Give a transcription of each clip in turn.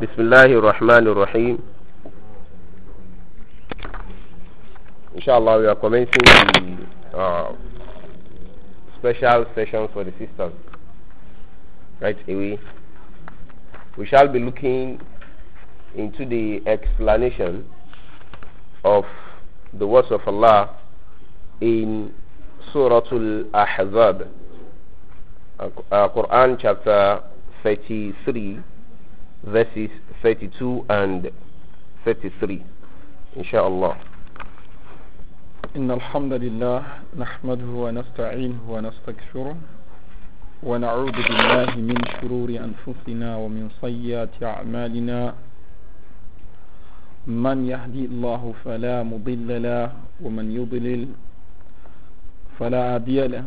بسم الله الرحمن الرحيم Inshallah, we are commencing the uh, special session for the sisters right away. We shall be looking into the explanation of the words of Allah in Surah Al-Ahzab, uh, uh, Quran chapter 33 verses 32 and 33 إن شاء الله إن الحمد لله نحمده ونستعينه ونستغفره ونعوذ بالله من شرور أنفسنا ومن سيئات أعمالنا من يهدي الله فلا مضل له ومن يضلل فلا هادي له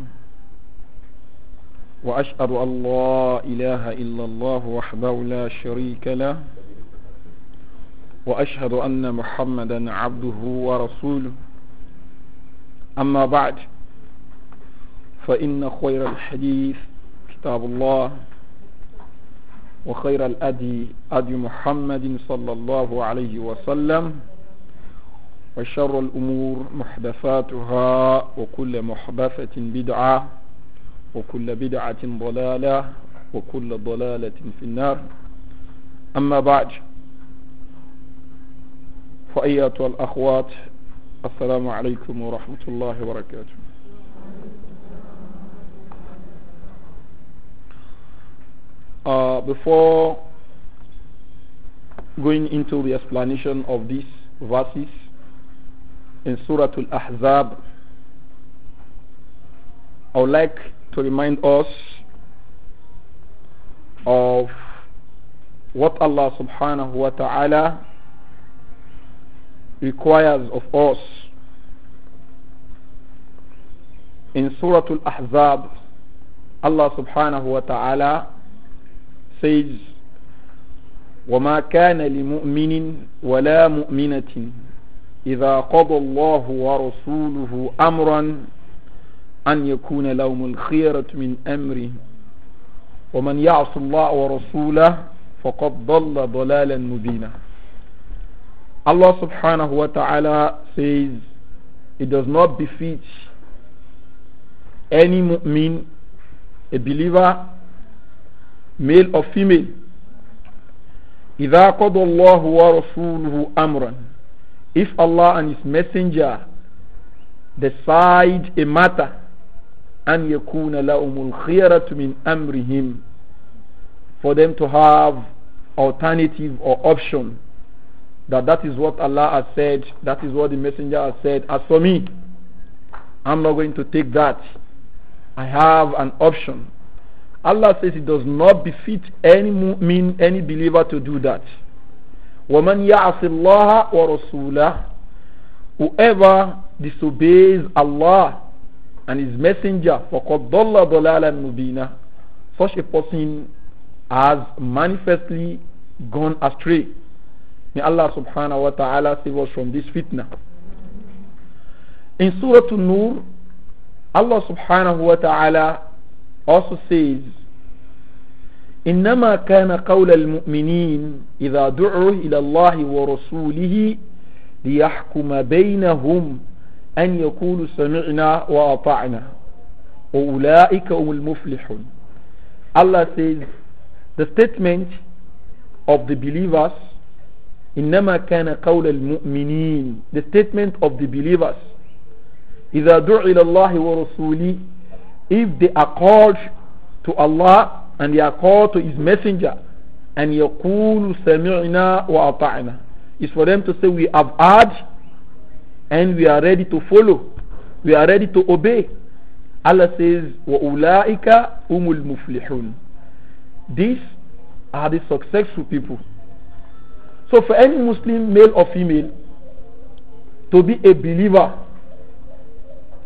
وأشهد أن لا إله إلا الله وحده لا شريك له وأشهد أن محمدا عبده ورسوله أما بعد فإن خير الحديث كتاب الله وخير الأدي أدي محمد صلى الله عليه وسلم وشر الأمور محدثاتها وكل محدثة بدعة وكل بدعة ضلالة وكل ضلالة في النار أما بعد فأيات الأخوات السلام عليكم ورحمة الله وبركاته Uh, before going into the explanation of these verses in Surah Al-Ahzab, I would like to remind us of what Allah subhanahu wa ta'ala requires of us. In Surah Al-Ahzab, Allah subhanahu wa ta'ala says, وَمَا كَانَ لِمُؤْمِنٍ وَلَا مُؤْمِنَةٍ إِذَا قَضَى اللَّهُ وَرَسُولُهُ أَمْرًا أن يكون لهم الخيرة من أمره ومن يعص الله ورسوله فقد ضل ضلالا مبينا Allah subhanahu wa ta'ala says it does not befit any mu'min a believer male or female إذا قضى الله ورسوله أمرا if Allah and his messenger decide a matter أن يكون لهم الخيرة من أمرهم for them to have alternative or option that that is what Allah has said that is what the messenger has said as for me I'm not going to take that I have an option Allah says it does not befit any mean any believer to do that وَمَنْ يَعْصِ اللَّهَ وَرَسُولَهُ whoever disobeys Allah and his messenger for ضَلَّ ضَلَالًا Such a person has manifestly gone astray. May Allah subhanahu wa ta'ala save us from this fitna. In Surah An-Nur, Allah subhanahu wa ta'ala also says, إنما كان قول المؤمنين إذا دعوا إلى الله ورسوله ليحكم بينهم أن يقولوا سمعنا وأطعنا وأولئك هم المفلحون Allah says the statement of the believers إنما كان قول المؤمنين the statement of the believers إذا دعوا إلى الله ورسوله if they are called to Allah and they are called to His Messenger and يقولوا سمعنا وأطعنا is for them to say we have heard and we are ready to follow. We are ready to obey. Allah says, ulaika umul muflihun." These are the successful people. So for any Muslim, male or female, to be a believer,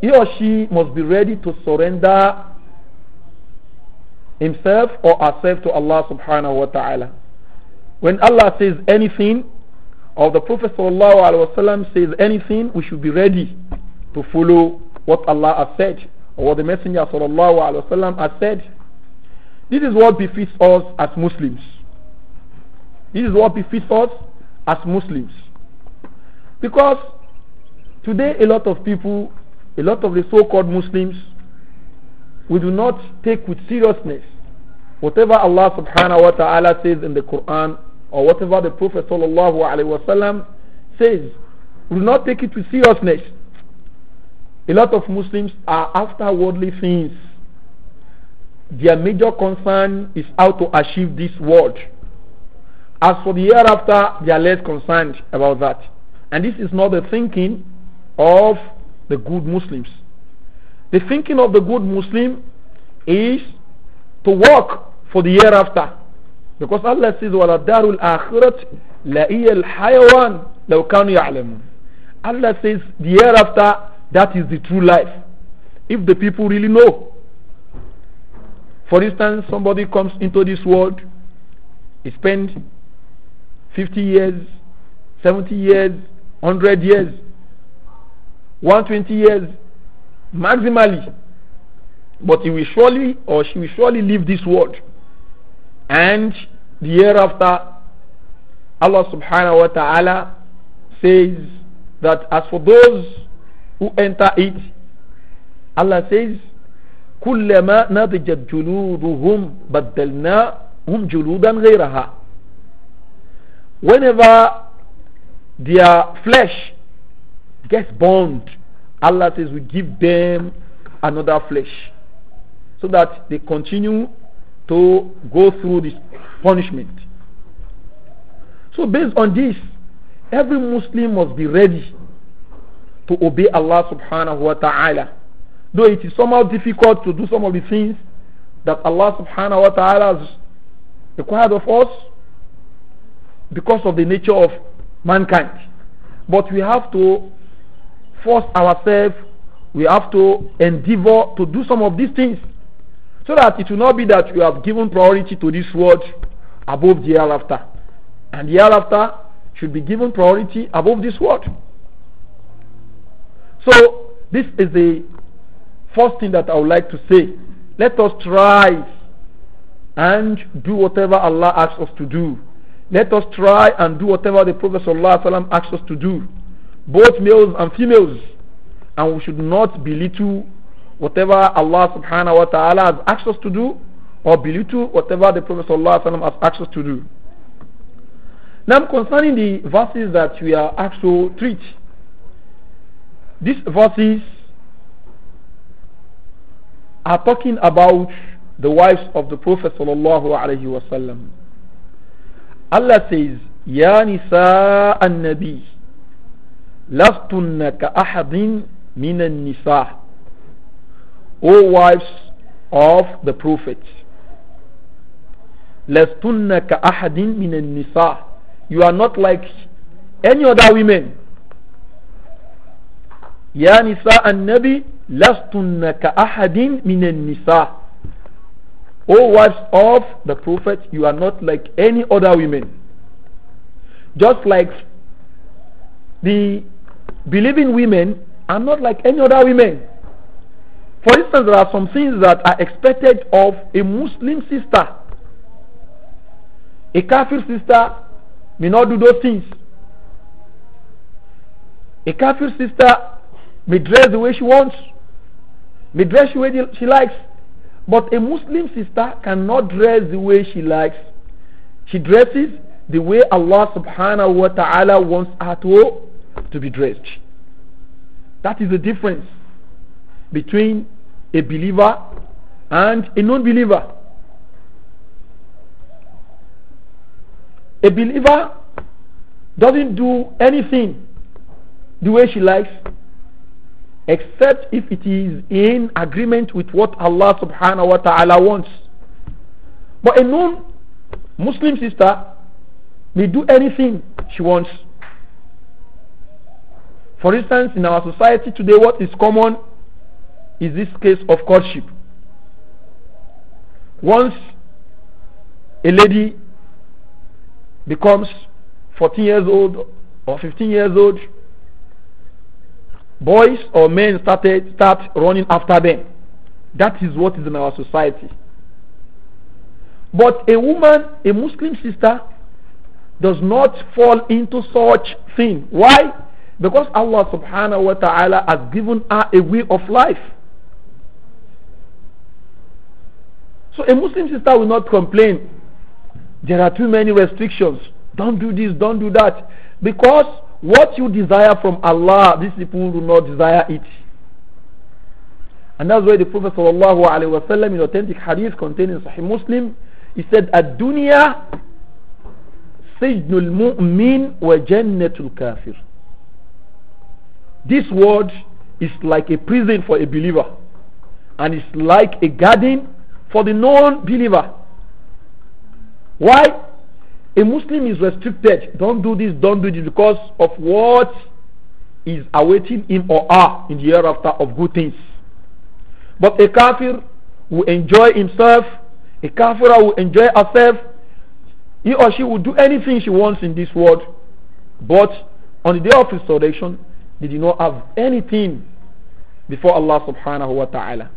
he or she must be ready to surrender himself or herself to Allah subhanahu wa ta'ala. When Allah says anything, of the Prophet wasallam, says anything, we should be ready to follow what Allah has said or what the Messenger wasallam, has said. This is what befits us as Muslims. This is what befits us as Muslims. Because today, a lot of people, a lot of the so called Muslims, we do not take with seriousness whatever Allah subhanahu wa ta'ala says in the Quran or whatever the Prophet sallallahu alaihi wasallam says. will not take it with seriousness. A lot of Muslims are after worldly things. Their major concern is how to achieve this world. As for the hereafter, they are less concerned about that. And this is not the thinking of the good Muslims. The thinking of the good Muslim is to work for the hereafter. Because Allah says, akhirat الْآخِرَةِ لَإِيَ hayawan لَوْ كَانُوا يَعْلَمُونَ Allah says, the hereafter, that is the true life. If the people really know. For instance, somebody comes into this world, he spends 50 years, 70 years, 100 years, 120 years, maximally. But he will surely or she will surely leave this world. And the year after, Allah subhanahu wa ta'ala says that as for those who enter it, Allah says, كلما نضجت جلودهم بدلناهم جلودا غيرها Whenever their flesh gets burned, Allah says we give them another flesh so that they continue to go through this punishment. So, based on this, every Muslim must be ready to obey Allah subhanahu wa ta'ala. Though it is somehow difficult to do some of the things that Allah subhanahu wa ta'ala has required of us because of the nature of mankind. But we have to force ourselves, we have to endeavor to do some of these things. So that it will not be that you have given priority to this world above the hereafter. And the hereafter should be given priority above this world. So, this is the first thing that I would like to say. Let us try and do whatever Allah asks us to do. Let us try and do whatever the Prophet ﷺ asks us to do, both males and females. And we should not belittle whatever Allah subhanahu wa ta'ala has asked us to do or to whatever the Prophet sallallahu alaihi wasallam has asked us to do. Now concerning the verses that we are asked to treat, these verses are talking about the wives of the Prophet sallallahu alaihi wasallam. Allah says, "Ya nisa an-nabi, lastunna ka ahadin min nisa O wives of the Prophet, لَسْتُنَّ كَأَحَدٍ مِنَ النِّسَاءِ You are not like any other women. يَا نِسَاءَ النَّبِي لَسْتُنَّ كَأَحَدٍ مِنَ النِّسَاءِ O wives of the Prophet, you are not like any other women. Just like the believing women are not like any other women. For instance, there are some things that are expected of a Muslim sister. A Kafir sister may not do those things. A Kafir sister may dress the way she wants, may dress the way she likes. But a Muslim sister cannot dress the way she likes. She dresses the way Allah subhanahu wa ta'ala wants her to, to be dressed. That is the difference between a believer and a non believer. A believer doesn't do anything the way she likes except if it is in agreement with what Allah subhanahu wa ta'ala wants. But a non Muslim sister may do anything she wants. For instance, in our society today, what is common is this case of courtship. Once a lady becomes 14 years old or 15 years old, boys or men started start running after them. That is what is in our society. But a woman, a Muslim sister, does not fall into such thing. Why? Because Allah subhanahu wa ta'ala has given her a way of life. So a Muslim sister will not complain. There are too many restrictions. Don't do this, don't do that. Because what you desire from Allah, these people do not desire it. And that's why the Prophet wasallam in authentic hadith containing Sahih Muslim, he said, Ad-dunya sijnul mu'min wa jannatul kafir. This world is like a prison for a believer and it's like a garden for the non-believer. Why? A Muslim is restricted. Don't do this, don't do this because of what is awaiting him or her in the hereafter of good things. But a kafir will enjoy himself, a kafira will enjoy herself. He or she will do anything she wants in this world. But on the day of resurrection, they did not have anything before Allah subhanahu wa ta'ala.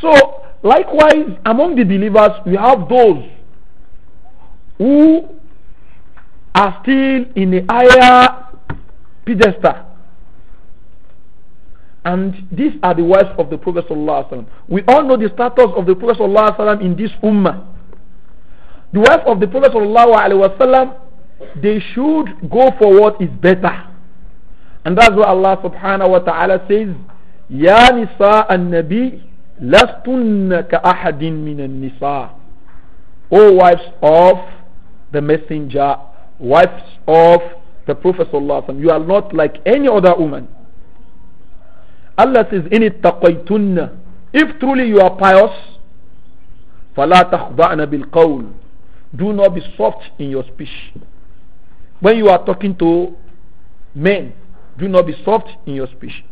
So, likewise, among the believers, we have those who are still in the higher pedestal. And these are the wives of the Prophet. We all know the status of the Prophet in this ummah. The wife of the Prophet, they should go for what is better. And that's what Allah subhanahu wa ta'ala says, Ya Nisa an Nabi مِّنَ النِّسَاءِ O wives of the messenger, wives of the Prophet you are not like any other woman. Allah says, إِنِ اتَّقَيْتُنَّ If truly you are pious, فَلَا bil بِالْقَوْلِ Do not be soft in your speech. When you are talking to men, do not be soft in your speech.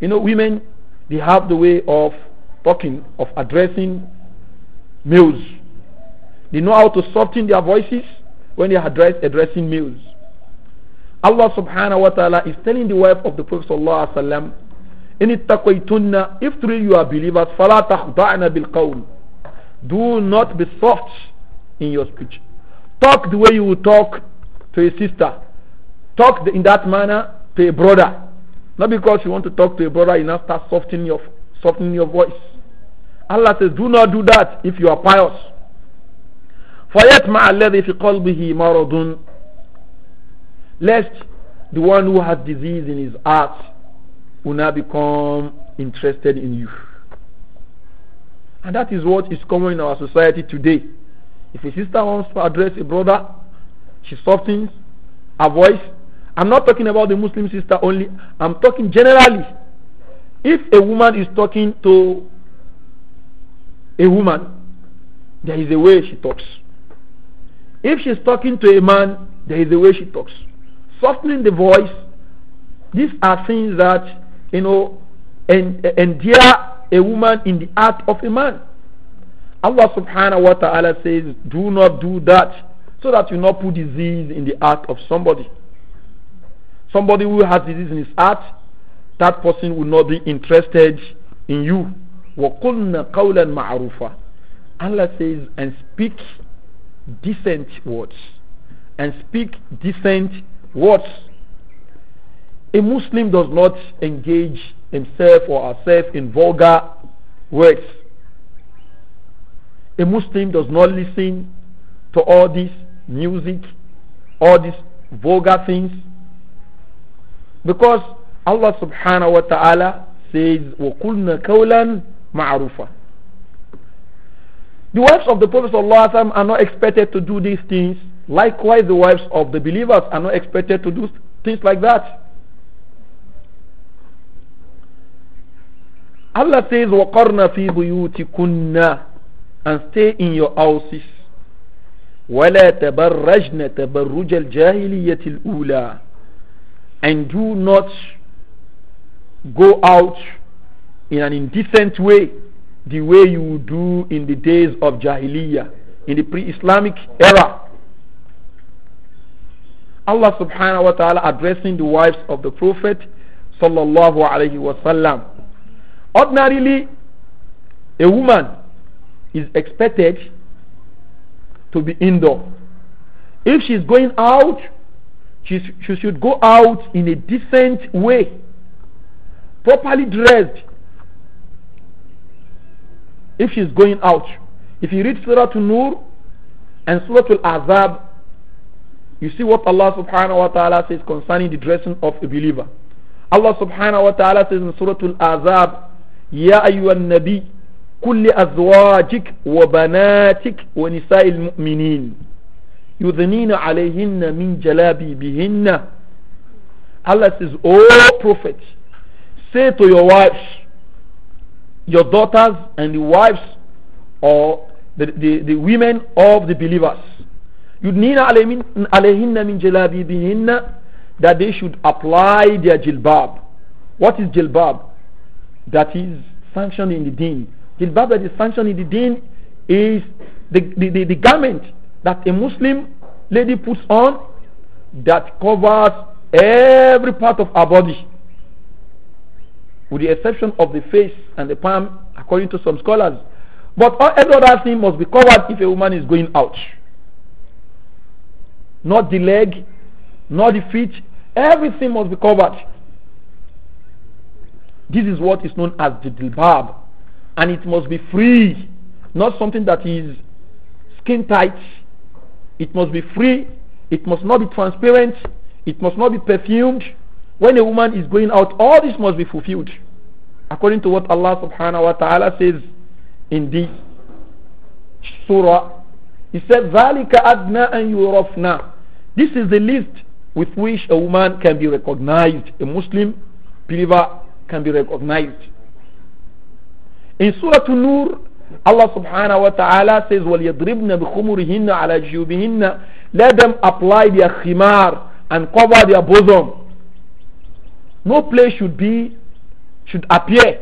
You know, women, they have the way of talking of addressing males. They know how to soften their voices when they are address, addressing males. Allah subhanahu wa ta'ala is telling the wife of the Prophet sallallahu alaihi wasallam, in if truly you are believers, fala takhda'na bil Do not be soft in your speech. Talk the way you would talk to a sister. Talk in that manner to a brother. Not because you want to talk to a brother, you now start softening your softening your voice. Allah says, do not do that if you are pious. For فَيَتْمَعَ الَّذِي فِي قَلْبِهِ Maradun, Lest the one who has disease in his heart will now become interested in you. And that is what is common in our society today. If a sister wants to address a brother, she softens her voice. I'm not talking about the Muslim sister only, I'm talking generally. If a woman is talking to a woman, there is a way she talks. If she's talking to a man, there is a way she talks. Softening the voice, these are things that, you know, endear a woman in the heart of a man. Allah subhanahu wa ta'ala says, do not do that so that you not put disease in the heart of somebody. Somebody who has disease in his heart, that person will not be interested in you. وَقُلْنَا قَوْلًا مَعْرُوفًا Allah says, and speak decent words. And speak decent words. A Muslim does not engage himself or herself in vulgar words. A Muslim does not listen to all this music, all these vulgar things. Because Allah subhanahu wa ta'ala says, وَقُلْنَا كَوْلًا مَعْرُوفًا The wives of the Prophet ﷺ are not expected to do these things. Likewise, the wives of the believers are not expected to do things like that. Allah says, وَقَرْنَا فِي بُيُوتِكُنَّ And stay in your houses. وَلَا تَبَرَّجْنَ تَبَرُّجَ الْجَاهِلِيَّةِ الْأُولَى And do not go out in an indecent way, the way you do in the days of Jahiliyyah, in the pre Islamic era. Allah subhanahu wa ta'ala addressing the wives of the Prophet sallallahu alayhi wasallam. Ordinarily, a woman is expected to be indoor. If she's going out, she, she should go out in a decent way properly dressed if she's going out. If you read Surah An-Nur and Surah Al-Azab, you see what Allah subhanahu wa ta'ala says concerning the dressing of a believer. Allah subhanahu wa ta'ala says in Surah Al-Azab, يا أيها النبي كل أزواجك وبناتك ونساء المؤمنين يذنين عليهن من جلابيبهن Allah says, O oh, Prophet, Say to your wives, your daughters, and the wives or the, the, the women of the believers. That they should apply their jilbab. What is jilbab? That is sanctioned in the deen. Jilbab that is sanctioned in the deen is the, the, the, the garment that a Muslim lady puts on that covers every part of her body with the exception of the face and the palm, according to some scholars. But every other thing must be covered if a woman is going out. Not the leg, not the feet, everything must be covered. This is what is known as the dilbab, and it must be free, not something that is skin tight. It must be free, it must not be transparent, it must not be perfumed, when a woman is going out, all this must be fulfilled. According to what Allah subhanahu wa ta'ala says in this surah, He said, ذَلِكَ أَدْنَا أَن يُرَفْنَا This is the list with which a woman can be recognized, a Muslim believer can be recognized. In Surah An-Nur, Allah subhanahu wa ta'ala says, وَلْيَضْرِبْنَ بِخُمُرِهِنَّ عَلَى جِيُوبِهِنَّ Let them apply their khimar and cover their bosom. No place should be, should appear.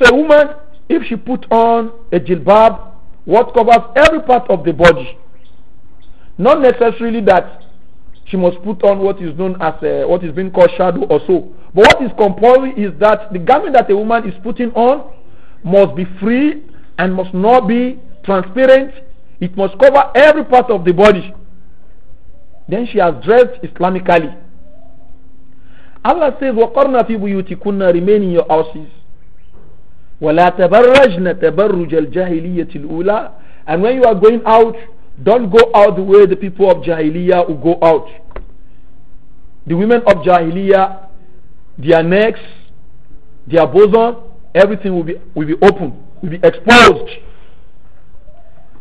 So a woman, if she put on a jilbab, what covers every part of the body, not necessarily that she must put on what is known as a, uh, what is being called shadow or so. But what is compulsory is that the garment that a woman is putting on must be free and must not be transparent. It must cover every part of the body. Then she has dressed Islamically. Allah says, وَقَرْنَا فِي بُيُوتِكُنَّ Remain in your houses. وَلَا تَبَرَّجْنَ تَبَرُّجَ الْجَاهِلِيَّةِ الْأُولَى And when you are going out, don't go out the way the people of Jahiliyyah will go out. The women of Jahiliyyah, their necks, their bosom, everything will be, will be open, will be exposed.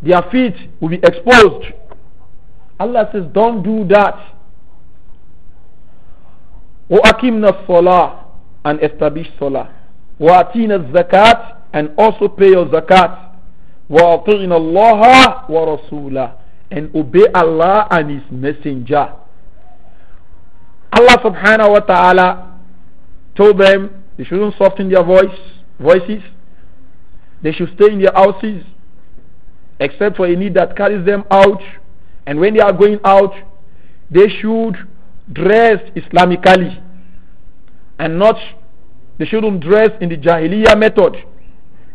Their feet will be exposed. Allah says, don't do that. وَأَقِمْنَا الصَّلَاةِ and establish salah. وَأَتِينَا الزَّكَاةِ and also pay your zakat. وَأَطِعْنَا اللَّهَ وَرَسُولَهُ and obey Allah and His Messenger. Allah subhanahu wa ta'ala told them they shouldn't soften their voice, voices. They should stay in their houses except for a need that carries them out. And when they are going out, they should dressed Islamically and not they shouldn't dress in the Jahiliyyah method.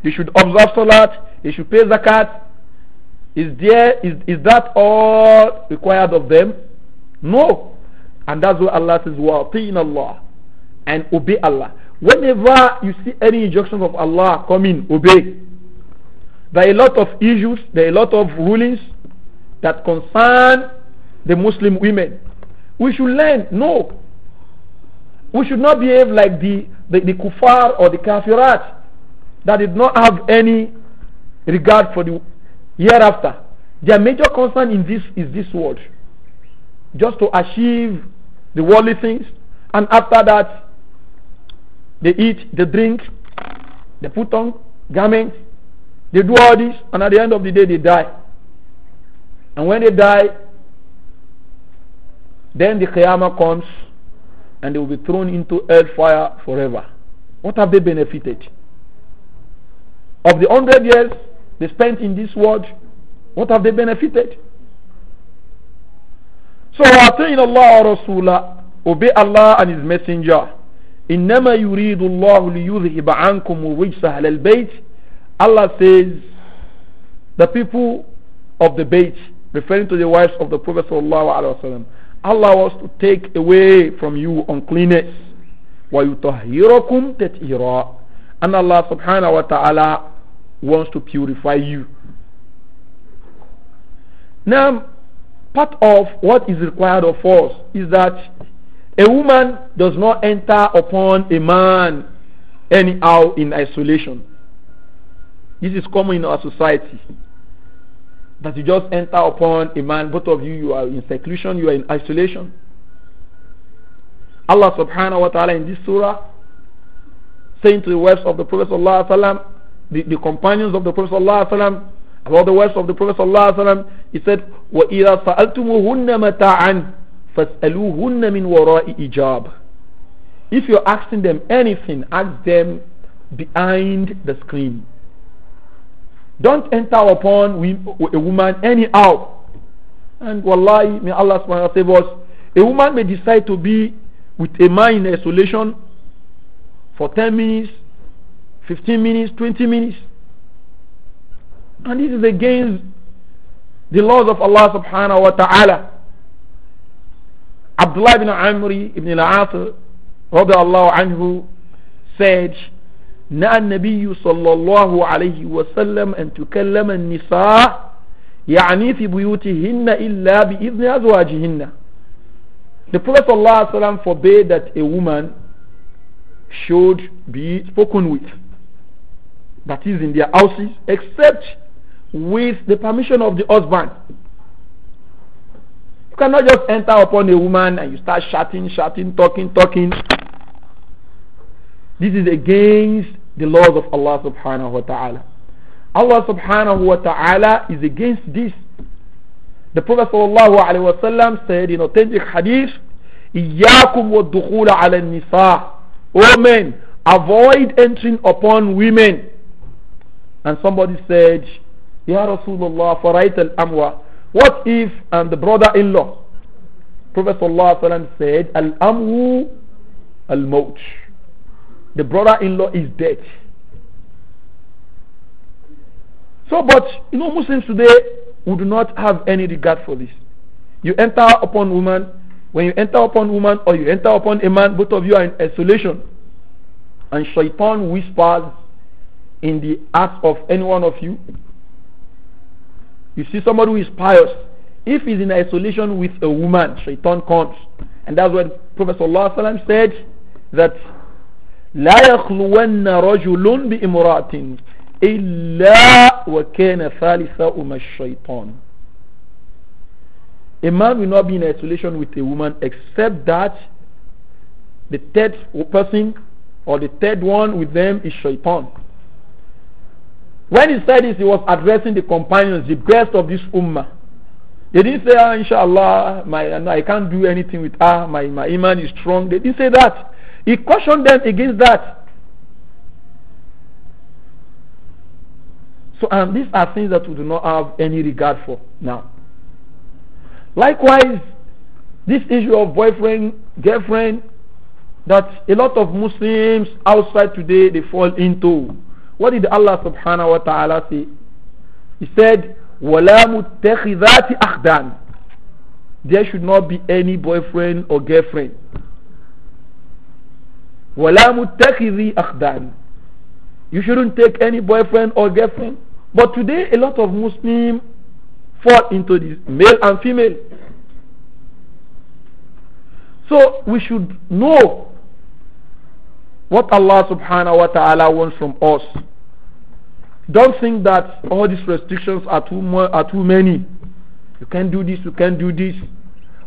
They should observe Salat, they should pay Zakat. Is, there, is, is that all required of them? No. And that's what Allah says, in Allah and obey Allah. Whenever you see any injunction of Allah coming, obey. There are a lot of issues, there are a lot of rulings that concern the Muslim women. We should learn. No. We should not behave like the, the, the kuffar or the kafirat that did not have any regard for the hereafter. Their major concern in this is this world. Just to achieve the worldly things. And after that, they eat, they drink, they put on garments, they do all this, and at the end of the day, they die. And when they die, then the Qiyamah comes and they will be thrown into hellfire forever. What have they benefited? Of the hundred years they spent in this world, what have they benefited? So, in Allah Rasulah, obey Allah and His Messenger. إنما يريد الله ليذهب عنكم الرجس أهل البيت Allah says the people of the Bait, referring to the wives of the Prophet sallallahu alaihi wasallam allow us to take away from you uncleanness. Wa وَيُطَهِّرَكُمْ تَتْهِيرًا And Allah subhanahu wa ta'ala wants to purify you. Now, part of what is required of us is that a woman does not enter upon a man anyhow in isolation. This is common in our society that you just enter upon a man, both of you, you are in seclusion, you are in isolation. Allah subhanahu wa ta'ala in this surah, saying to the wives of the Prophet sallallahu the companions of the Prophet sallallahu about the words of the Prophet sallallahu he said, وَإِذَا سَأَلْتُمُهُنَّ مَتَاعًا فَاسْأَلُوهُنَّ مِنْ وَرَاءِ إِجَابٍ If you're asking them anything, ask them behind the screen. Don't enter upon a woman anyhow. And wallahi, may Allah subhanahu save us. A woman may decide to be with a man in isolation for 10 minutes, 15 minutes, 20 minutes. And this is against the laws of Allah subhanahu wa ta'ala. Abdullah ibn Amri ibn al-As Allah anhu said, the النبي صلى الله عليه وسلم أن تكلم النساء يعني في بيوتهن إلا بإذن أزواجهن The Prophet ﷺ forbade that a woman should be spoken with. That is in their houses, except with the permission of the husband. You cannot just enter upon a woman and you start shouting, shouting, talking, talking. This is against the laws of Allah subhanahu wa ta'ala. Allah subhanahu wa ta'ala is against this. The Prophet sallallahu alayhi wa sallam said in authentic hadith, إِيَّاكُمْ وَالدُّخُولَ عَلَى النِّسَاءِ O men, avoid entering upon women. And somebody said, Ya Rasulullah, فَرَيْتَ الْأَمْوَى What if, and the brother-in-law, Prophet sallallahu alayhi wa sallam said, Al-amwu al-mawj the brother-in-law is dead. So, but you know, Muslims today would not have any regard for this. You enter upon woman, when you enter upon woman or you enter upon a man, both of you are in isolation. And shaitan whispers in the heart of any one of you. You see somebody who is pious. If he's in isolation with a woman, shaitan comes. And that's what Prophet said that لا يخلون رجل بامرأة إلا وكان أم الشيطان A man will not be in isolation with a woman except that the third person or the third one with them is shaitan. When he said this, he was addressing the companions, the best of this ummah. They didn't say, ah, inshallah, my, I can't do anything with her, my, my iman is strong. They didn't say that. He cautioned them against that. So, and these are things that we do not have any regard for now. Likewise, this issue of boyfriend, girlfriend, that a lot of Muslims outside today they fall into. What did Allah subhanahu wa ta'ala say? He said, وَلَا مُتَّخِذَاتِ أَخْدَانِ There should not be any boyfriend or girlfriend. وَلَا مُتَّخِذِي أَخْدَانِ You shouldn't take any boyfriend or girlfriend. But today, a lot of Muslims fall into this, male and female. So we should know what Allah subhanahu wa ta'ala wants from us. Don't think that all these restrictions are too, are too many. You can't do this, you can't do this.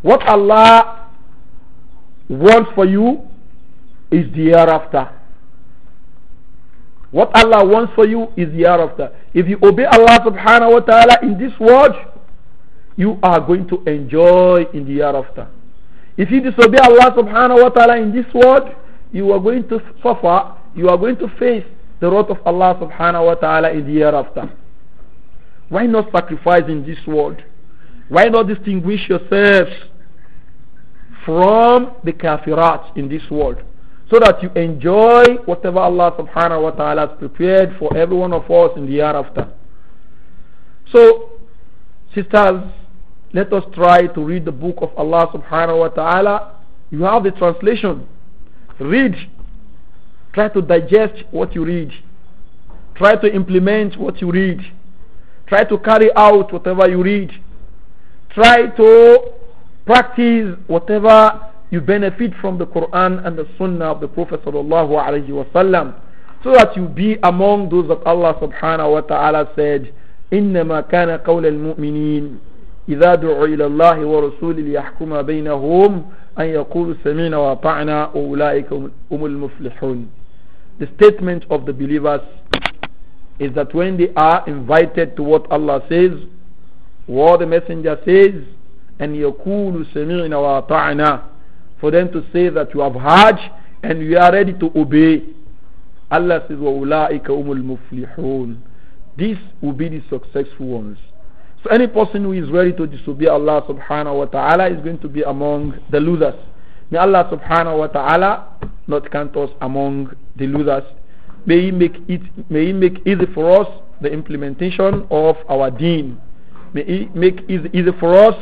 What Allah wants for you is the hereafter. What Allah wants for you is the hereafter. If you obey Allah subhanahu wa ta'ala in this world, you are going to enjoy in the hereafter. If you disobey Allah subhanahu wa ta'ala in this world, you are going to suffer, you are going to face the wrath of Allah subhanahu wa ta'ala in the hereafter. Why not sacrifice in this world? Why not distinguish yourselves from the kafirat in this world? so that you enjoy whatever Allah subhanahu wa ta'ala has prepared for every one of us in the hereafter. So, sisters, let us try to read the book of Allah subhanahu wa ta'ala. You have the translation. Read. Try to digest what you read. Try to implement what you read. Try to carry out whatever you read. Try to practice whatever you benefit from the Quran and the Sunnah of the Prophet sallallahu alaihi wasallam, so that you be among those that Allah subhanahu wa taala said, إنما كان قول المؤمنين إذا دعوا إلى الله ورسوله ليحكم بينهم أن يقولوا سمعنا وأطعنا وأولئك هم muflihun." The statement of the believers is that when they are invited to what Allah says, what the Messenger says, and semina wa ta'na for them to say that you have Hajj and you are ready to obey. Allah says, وَأُولَٰئِكَ هُمُ الْمُفْلِحُونَ These will be the successful ones. So any person who is ready to disobey Allah subhanahu wa ta'ala is going to be among the losers. May Allah subhanahu wa ta'ala not count us among the losers. May He make it may He make easy for us the implementation of our deen. May He make easy, easy for us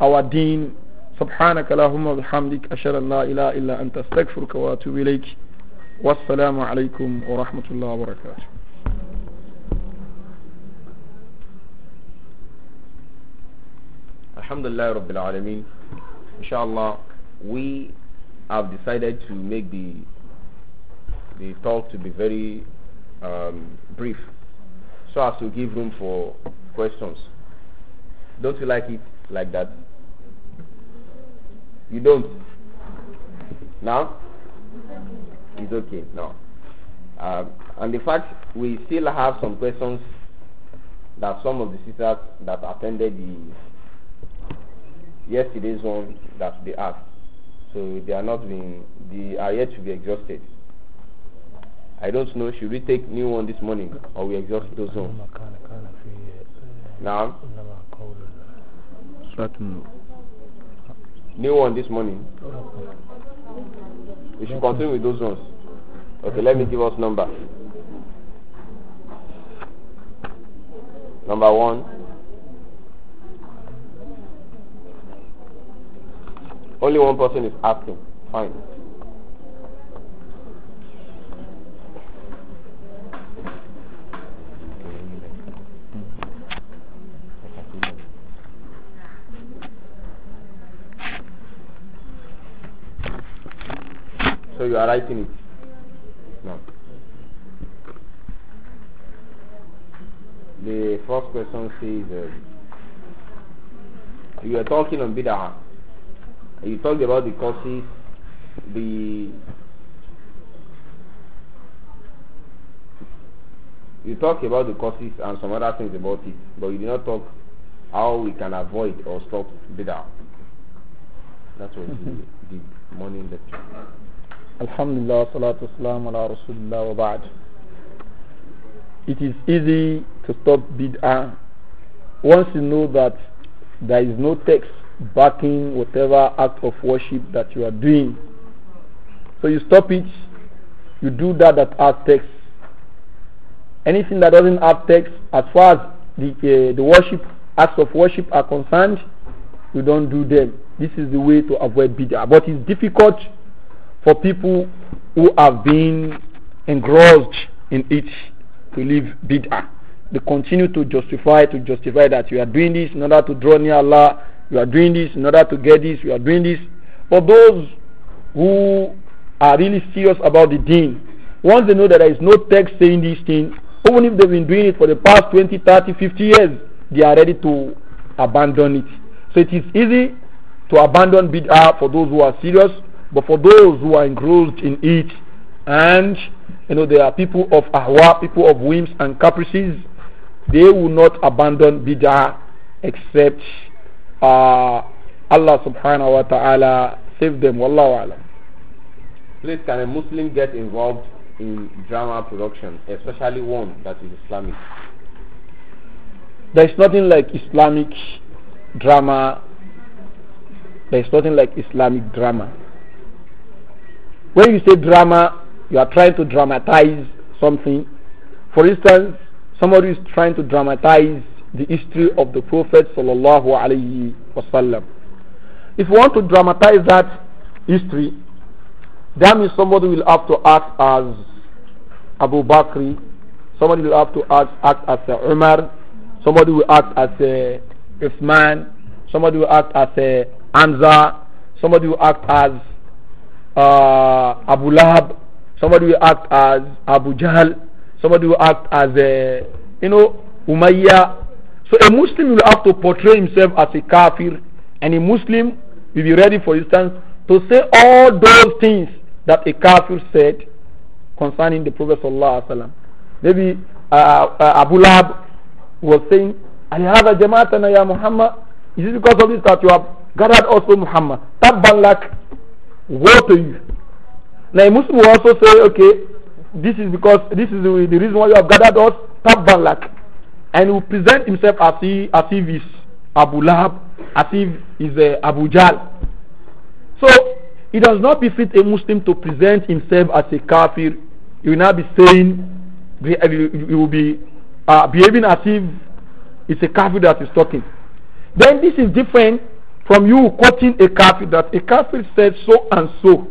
our deen. سبحانك اللهم وبحمدك أشهد أن لا إله إلا أنت أستغفرك وأتوب إليك والسلام عليكم ورحمة الله وبركاته Alhamdulillah Rabbil Alameen. Inshallah, we have decided to make the the talk to be very um, brief so as to give room for questions. Don't you like it like that? You don't. Now, it's okay. Now, uh, um, and the fact we still have some questions that some of the sisters that attended the yesterday's one that they asked. So they are not being they are yet to be exhausted. I don't know. Should we take new one this morning or we exhaust those ones? now. New one this morning. We should continue with those ones. Okay, let me give us number. Number one. Only one person is asking. Fine. are writing it. No. The first question says uh, you are talking on bid'ah. You talked about the causes, the you talk about the causes and some other things about it, but you did not talk how we can avoid or stop bid'ah. That was the, the morning lecture. Alhamdulillah, salatu wasalam ala rasulullah wa ba'd. is easy to stop bid'ah once you know that there is no text backing whatever act of worship that you are doing. So you stop it, you do that that has text. Anything that doesn't have text, as far as the, uh, the worship, acts of worship are concerned, you don't do them. This is the way to avoid bid'ah. But it's difficult for people who have been engrossed in it to leave bid'ah. They continue to justify, to justify that you are doing this in order to draw near Allah, you are doing this in order to get this, you are doing this. For those who are really serious about the deen, once they know that there is no text saying this thing, even if they've been doing it for the past 20, 30, 50 years, they are ready to abandon it. So it is easy to abandon bid'ah for those who are serious but for those who are engrossed in it, and you know there are people of ahwa, people of whims and caprices, they will not abandon bid'ah except uh, Allah subhanahu wa ta'ala save them. Wallahu alam. Please, can a Muslim get involved in drama production, especially one that is Islamic? There is nothing like Islamic drama. There is nothing like Islamic drama. When you say drama, you are trying to dramatize something. For instance, somebody is trying to dramatize the history of the Prophet sallallahu alaihi wasallam. If you want to dramatize that history, that means somebody will have to act as Abu Bakr, somebody will have to act, act as uh, Umar, somebody will act as uh, Uthman, somebody will act as uh, somebody will act as uh, Abu Lahab, somebody will act as Abu Jahl, somebody will act as, a, uh, you know, Umayyah. So a Muslim will have to portray himself as a kafir, and a Muslim will be ready, for instance, to say all those things that a kafir said concerning the Prophet sallallahu Maybe uh, uh, Abu Lahab was saying, "Alihada jama'atana ya Muhammad." Is it because of this that you have gathered also Muhammad? Tabban woe to you. Now a Muslim will also say, okay, this is because this is the, the reason why you have gathered us, Tabbalak. And he will present himself as, he, as if he's Abu Lahab, as if he's uh, Abu Jal. So it does not befit a Muslim to present himself as a kafir. He will not be saying, you uh, will be uh, behaving as if it's a kafir that is talking. Then this is different from you quoting a kafir that a kafir said so and so.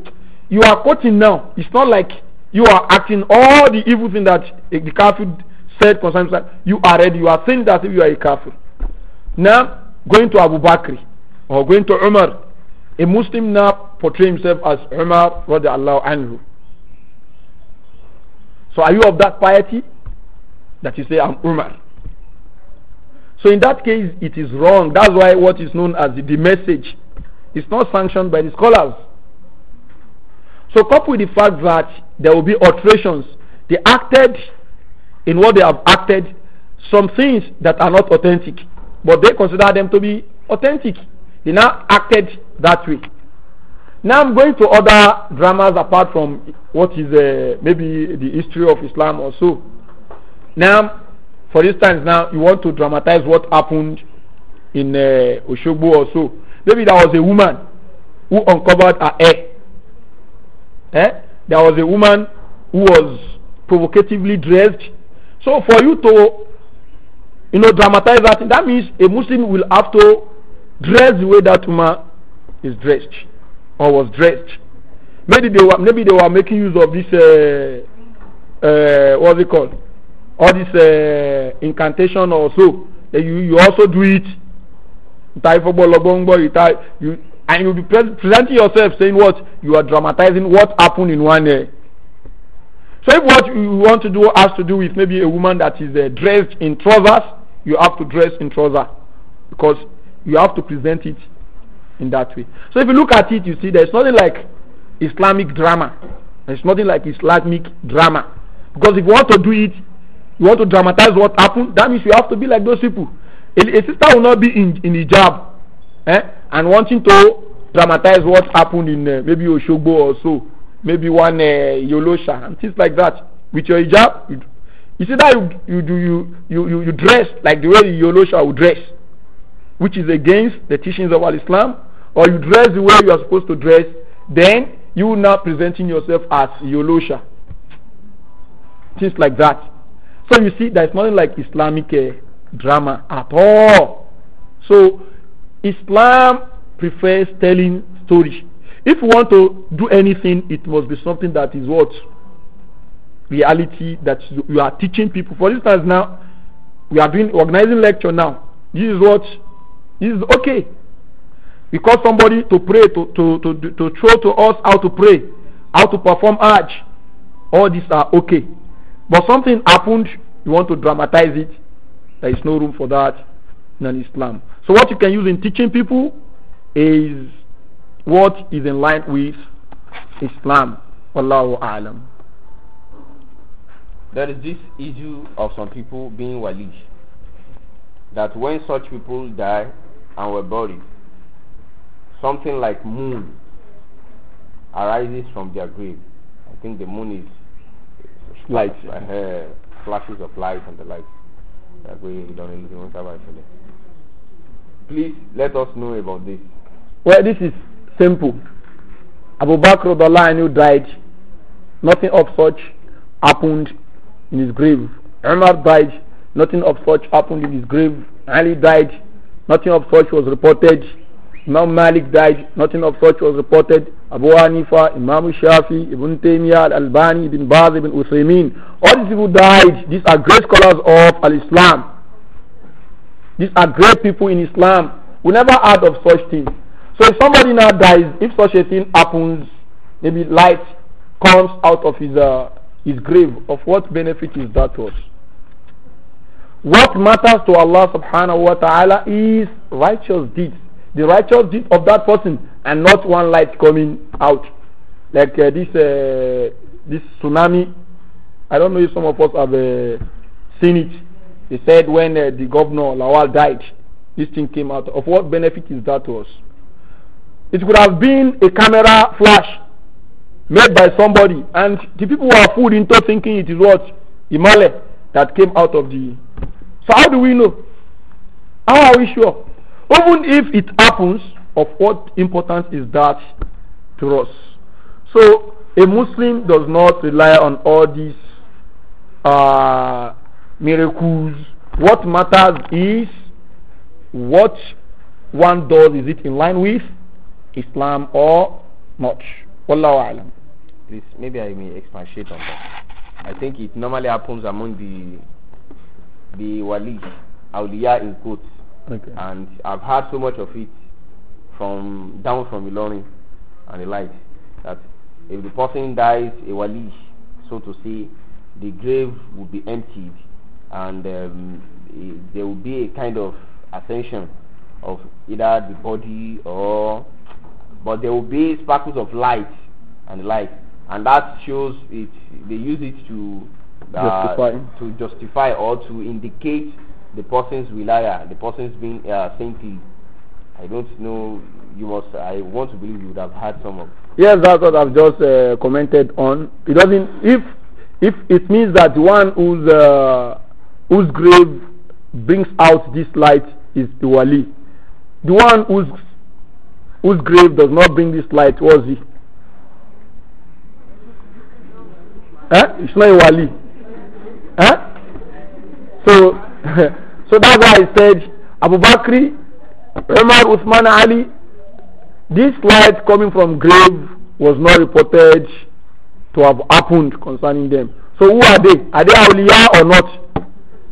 You are quoting now. It's not like you are acting all the evil thing that the kafir said concerning that you are ready. You are saying that you are a kafir. Now going to Abu Bakr or going to Umar, a Muslim now portray himself as Umar Allah anhu. So are you of that piety that you say I'm Umar? So in that case, it is wrong. That's why what is known as the, the message is not sanctioned by the scholars. So coupled with the fact that there will be alterations, they acted in what they have acted some things that are not authentic, but they consider them to be authentic. They now acted that way. Now I'm going to other dramas apart from what is uh, maybe the history of Islam or so. Now For instance, now you want to dramatize what happened in uh, Oshogbo or so. Maybe there was a woman who uncovered her hair. Eh? There was a woman who was provocatively dressed. So for you to, you know, dramatize that, that means a Muslim will have to dress the way that woman is dressed or was dressed. Maybe they were maybe they were making use of this uh, uh, what's it called all this uh, incantation also you you also do it you and you'll be presenting yourself saying what you are dramatizing what happened in one day so if what you want to do has to do with maybe a woman that is uh, dressed in trousers you have to dress in trousers because you have to present it in that way so if you look at it you see there's nothing like islamic drama there's nothing like islamic drama because if you want to do it you want to dramatize what happened? That means you have to be like those people. A, a sister will not be in, in hijab eh? and wanting to dramatize what happened in uh, maybe Oshogbo or so, maybe one uh, Yolosha and things like that. With your hijab, you, you see that you, you, do, you, you, you, you dress like the way Yolosha would dress, which is against the teachings of Al Islam, or you dress the way you are supposed to dress, then you are now presenting yourself as Yolosha. Things like that. So you see, there's nothing like Islamic uh, drama at all. So Islam prefers telling stories. If you want to do anything, it must be something that is what reality that you, you are teaching people. For instance, now we are doing organizing lecture now. This is what this is okay. We call somebody to pray to to to to show to us how to pray, how to perform Hajj. All these are okay. But something happened you want to dramatize it, there is no room for that in Islam. So what you can use in teaching people is what is in line with Islam. Wallahu alam. There is this issue of some people being wali. That when such people die and were buried, something like moon arises from their grave. I think the moon is light. Uh, flashes of light and the like pé ìlọrin ló ti wọ́n sábà ìṣẹ̀lẹ̀. please let us know about this. well this is simple abubakar odolayin who died nothing of such happened in his grave umar died nothing of such happened in his grave ali died nothing of such was reported. Imam Malik died, nothing of such was reported. Abu Hanifa, Imam Shafi, Ibn Taymiyyah, Al-Albani, Ibn Baz, Ibn Uthaymeen. All these people died. These are great scholars of Al-Islam. These are great people in Islam. We never heard of such things. So if somebody now dies, if such a thing happens, maybe light comes out of his, uh, his grave, of what benefit is that to us? What matters to Allah subhanahu wa ta'ala is righteous deeds the righteous deed of that person and not one light coming out. Like uh, this, uh, this tsunami. I don't know if some of us have uh, seen it. They said when uh, the governor Lawal died, this thing came out. Of what benefit is that to us? It could have been a camera flash made by somebody, and the people were fooled into thinking it is what Imale that came out of the. So how do we know? How are we sure? Even if it happens, of what importance is that to us? So a Muslim does not rely on all these uh, miracles. What matters is what one does. Is it in line with Islam or not? Wallahu alam. Please, maybe I may expatiate on that. I think it normally happens among the the wali, awliya in quotes Okay. And I've heard so much of it from down from Ilorin and the like that if the person dies a wali, so to say, the grave will be emptied and um, there will be a kind of ascension of either the body or but there will be sparkles of light and light and that shows it they use it to uh, justify. to justify or to indicate the person's wilaya, the person's being uh, saintly. I don't know. You must. I want to believe you would have had some of. Yes, that's what I've just uh, commented on. It doesn't. If if it means that one whose uh, whose grave brings out this light is the wali, the one whose whose grave does not bring this light was he. Eh? It's not a wali. Eh? So. So that's why I said Abu Bakr, Umar, Uthman, Ali. This light coming from grave was not reported to have happened concerning them. So who are they? Are they awliya or not?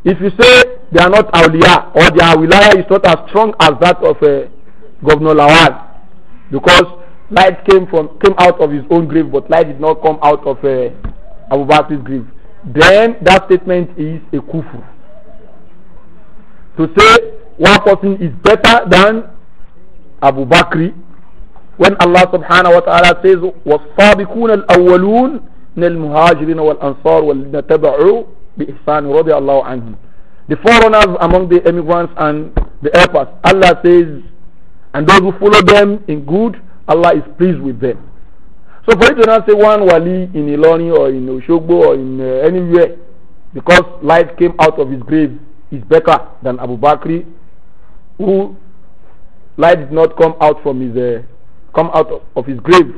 If you say they are not awliya or their wilaya is not as strong as that of uh, Governor Lawal, because light came from came out of his own grave, but light did not come out of uh, Abu Bakr's grave. Then that statement is a kufr. to say one person is better than Abu Bakr when Allah subhanahu wa ta'ala says وَالصَّابِقُونَ الْأَوَّلُونَ مِنَ الْمُهَاجِرِينَ وَالْأَنصَارِ وَالَّذِينَ bi بِإِحْسَانٍ رَضِيَ اللَّهُ عَنْهُمْ The foreigners among the immigrants and the helpers, Allah says, and those who follow them in good, Allah is pleased with them. So for you to not say one wali in Iloni or in Oshogbo or in uh, anywhere, because light came out of his grave, is better than Abu Bakr, who light did not come out from his uh, come out of, of his grave,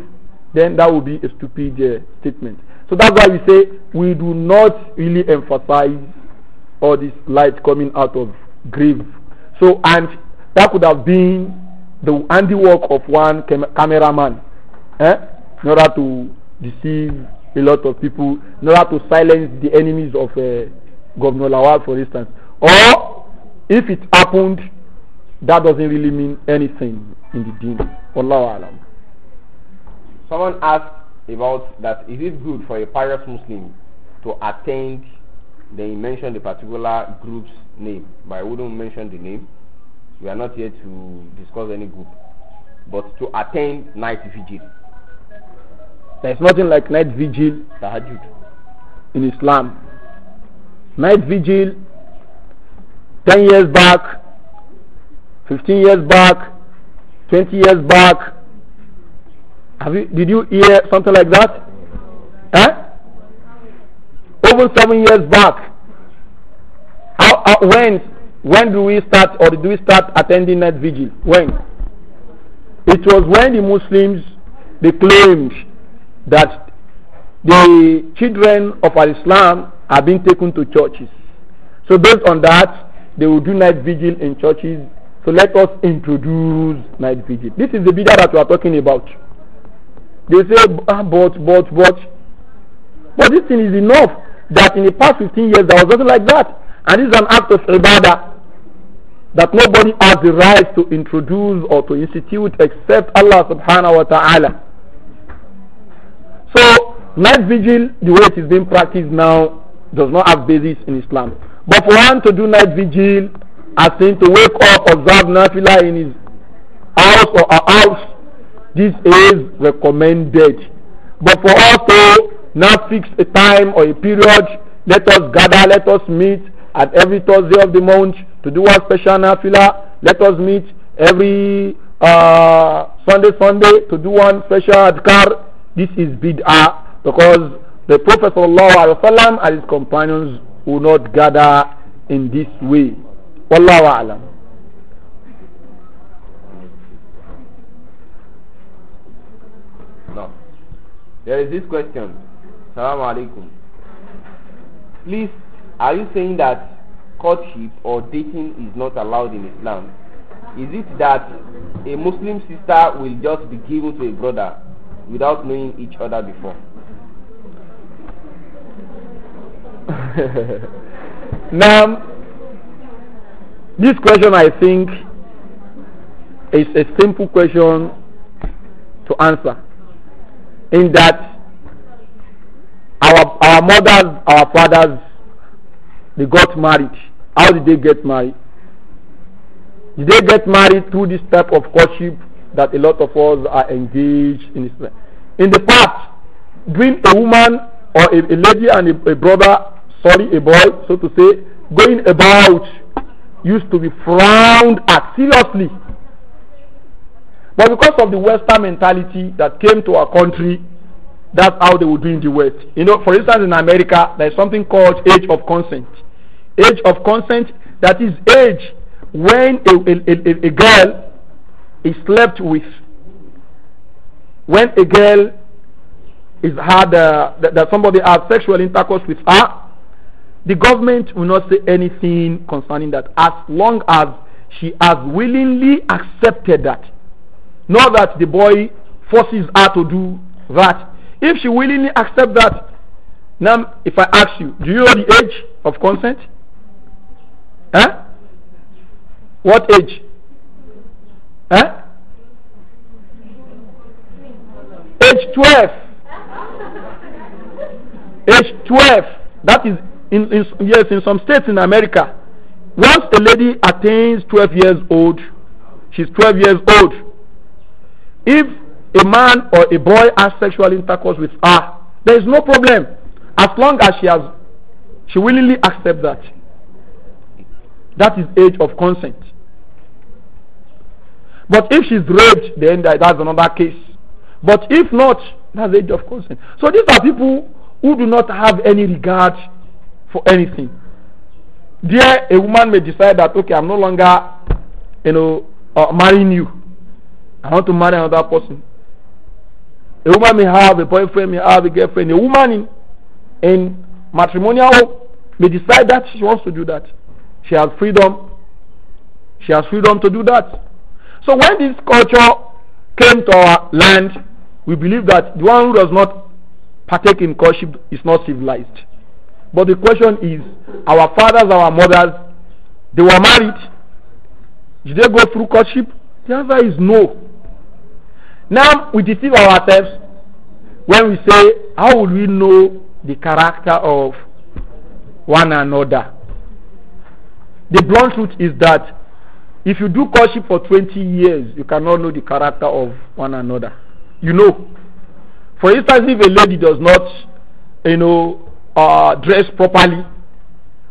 then that would be a stupid uh, statement. So that's why we say we do not really emphasize all this light coming out of grave. So and that could have been the handiwork of one cam cameraman, eh? in order to deceive a lot of people, in order to silence the enemies of uh, Governor Lawal, for instance. Or if it happened, that doesn't really mean anything in the deen. Someone asked about that is it good for a pious Muslim to attend they mentioned the particular group's name, but I wouldn't mention the name. We are not here to discuss any group, but to attend night vigil. There is nothing like night vigil Tahajjud. in Islam. Night vigil 10 years back, 15 years back, 20 years back. Have you, did you hear something like that? Eh? Over seven years back. How, how, uh, when, when do we start or do we start attending night vigil? When? It was when the Muslims they claimed that the children of Islam are being taken to churches. So based on that, they will do night vigil in churches. So let us introduce night vigil. This is the bidah that we are talking about. They say, ah, but, but, but. But this thing is enough that in the past 15 years there was nothing like that. And this is an act of ibadah that nobody has the right to introduce or to institute except Allah subhanahu wa ta'ala. So, night vigil, the way it is being practiced now, does not have basis in Islam. But for one to do night vigil, as in to wake up, observe nafila in his house or her house, this is recommended. But for us to not fix a time or a period, let us gather, let us meet at every Thursday of the month to do one special nafila. Let us meet every uh, Sunday, Sunday to do one special adkar. This is bid'ah because the Prophet ﷺ and his companions will not gather in this way. Wallahu alam. No. There is this question. Salaam alaikum. Please, are you saying that courtship or dating is not allowed in Islam? Is it that a Muslim sister will just be given to a brother without knowing each other before? now, this question I think is a simple question to answer. In that our our mothers, our fathers, they got married. How did they get married? Did they get married through this type of courtship that a lot of us are engaged in? In the past, between a woman or a, a lady and a, a brother sorry, a boy, so to say, going about used to be frowned at seriously. But because of the Western mentality that came to our country, that's how they would do in the West. You know, for instance, in America, there's something called age of consent. Age of consent, that is age when a, a, a, a girl is slept with. When a girl is had, uh, that, that somebody has sexual intercourse with her, the government will not say anything concerning that as long as she has willingly accepted that. Not that the boy forces her to do that. If she willingly accepts that, now if I ask you, do you know the age of consent? Huh? What age? Huh? Age 12. Age 12. That is in, in, yes, in some states in America, once a lady attains 12 years old, she's 12 years old. If a man or a boy has sexual intercourse with her, there is no problem as long as she has she willingly accepts that. That is age of consent. But if she's raped, then that's another case. But if not, that's age of consent. So these are people who do not have any regard for anything. There, a woman may decide that, okay, I'm no longer, you know, uh, marrying you. I want to marry another person. A woman may have a boyfriend, may have a girlfriend. A woman in, in matrimonial may decide that she wants to do that. She has freedom. She has freedom to do that. So when this culture came to our land, we believe that the one who does not partake in courtship is not civilized. But the question is, our fathers, our mothers, they were married. Did they go through courtship? The answer is no. Now we deceive ourselves when we say, How will we know the character of one another? The blunt truth is that if you do courtship for 20 years, you cannot know the character of one another. You know. For instance, if a lady does not, you know, uh, dressed properly.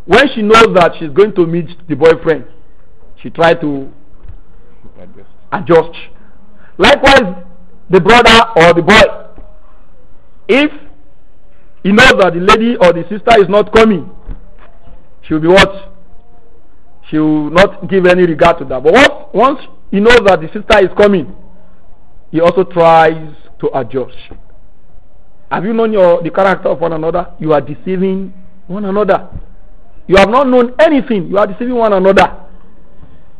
When she knows that she's going to meet the boyfriend, she tries to adjust. adjust. Likewise, the brother or the boy, if he knows that the lady or the sister is not coming, she will be what? She will not give any regard to that. But once, once he knows that the sister is coming, he also tries to adjust. Have you known your, the character of one another? You are deceiving one another. You have not known anything. You are deceiving one another.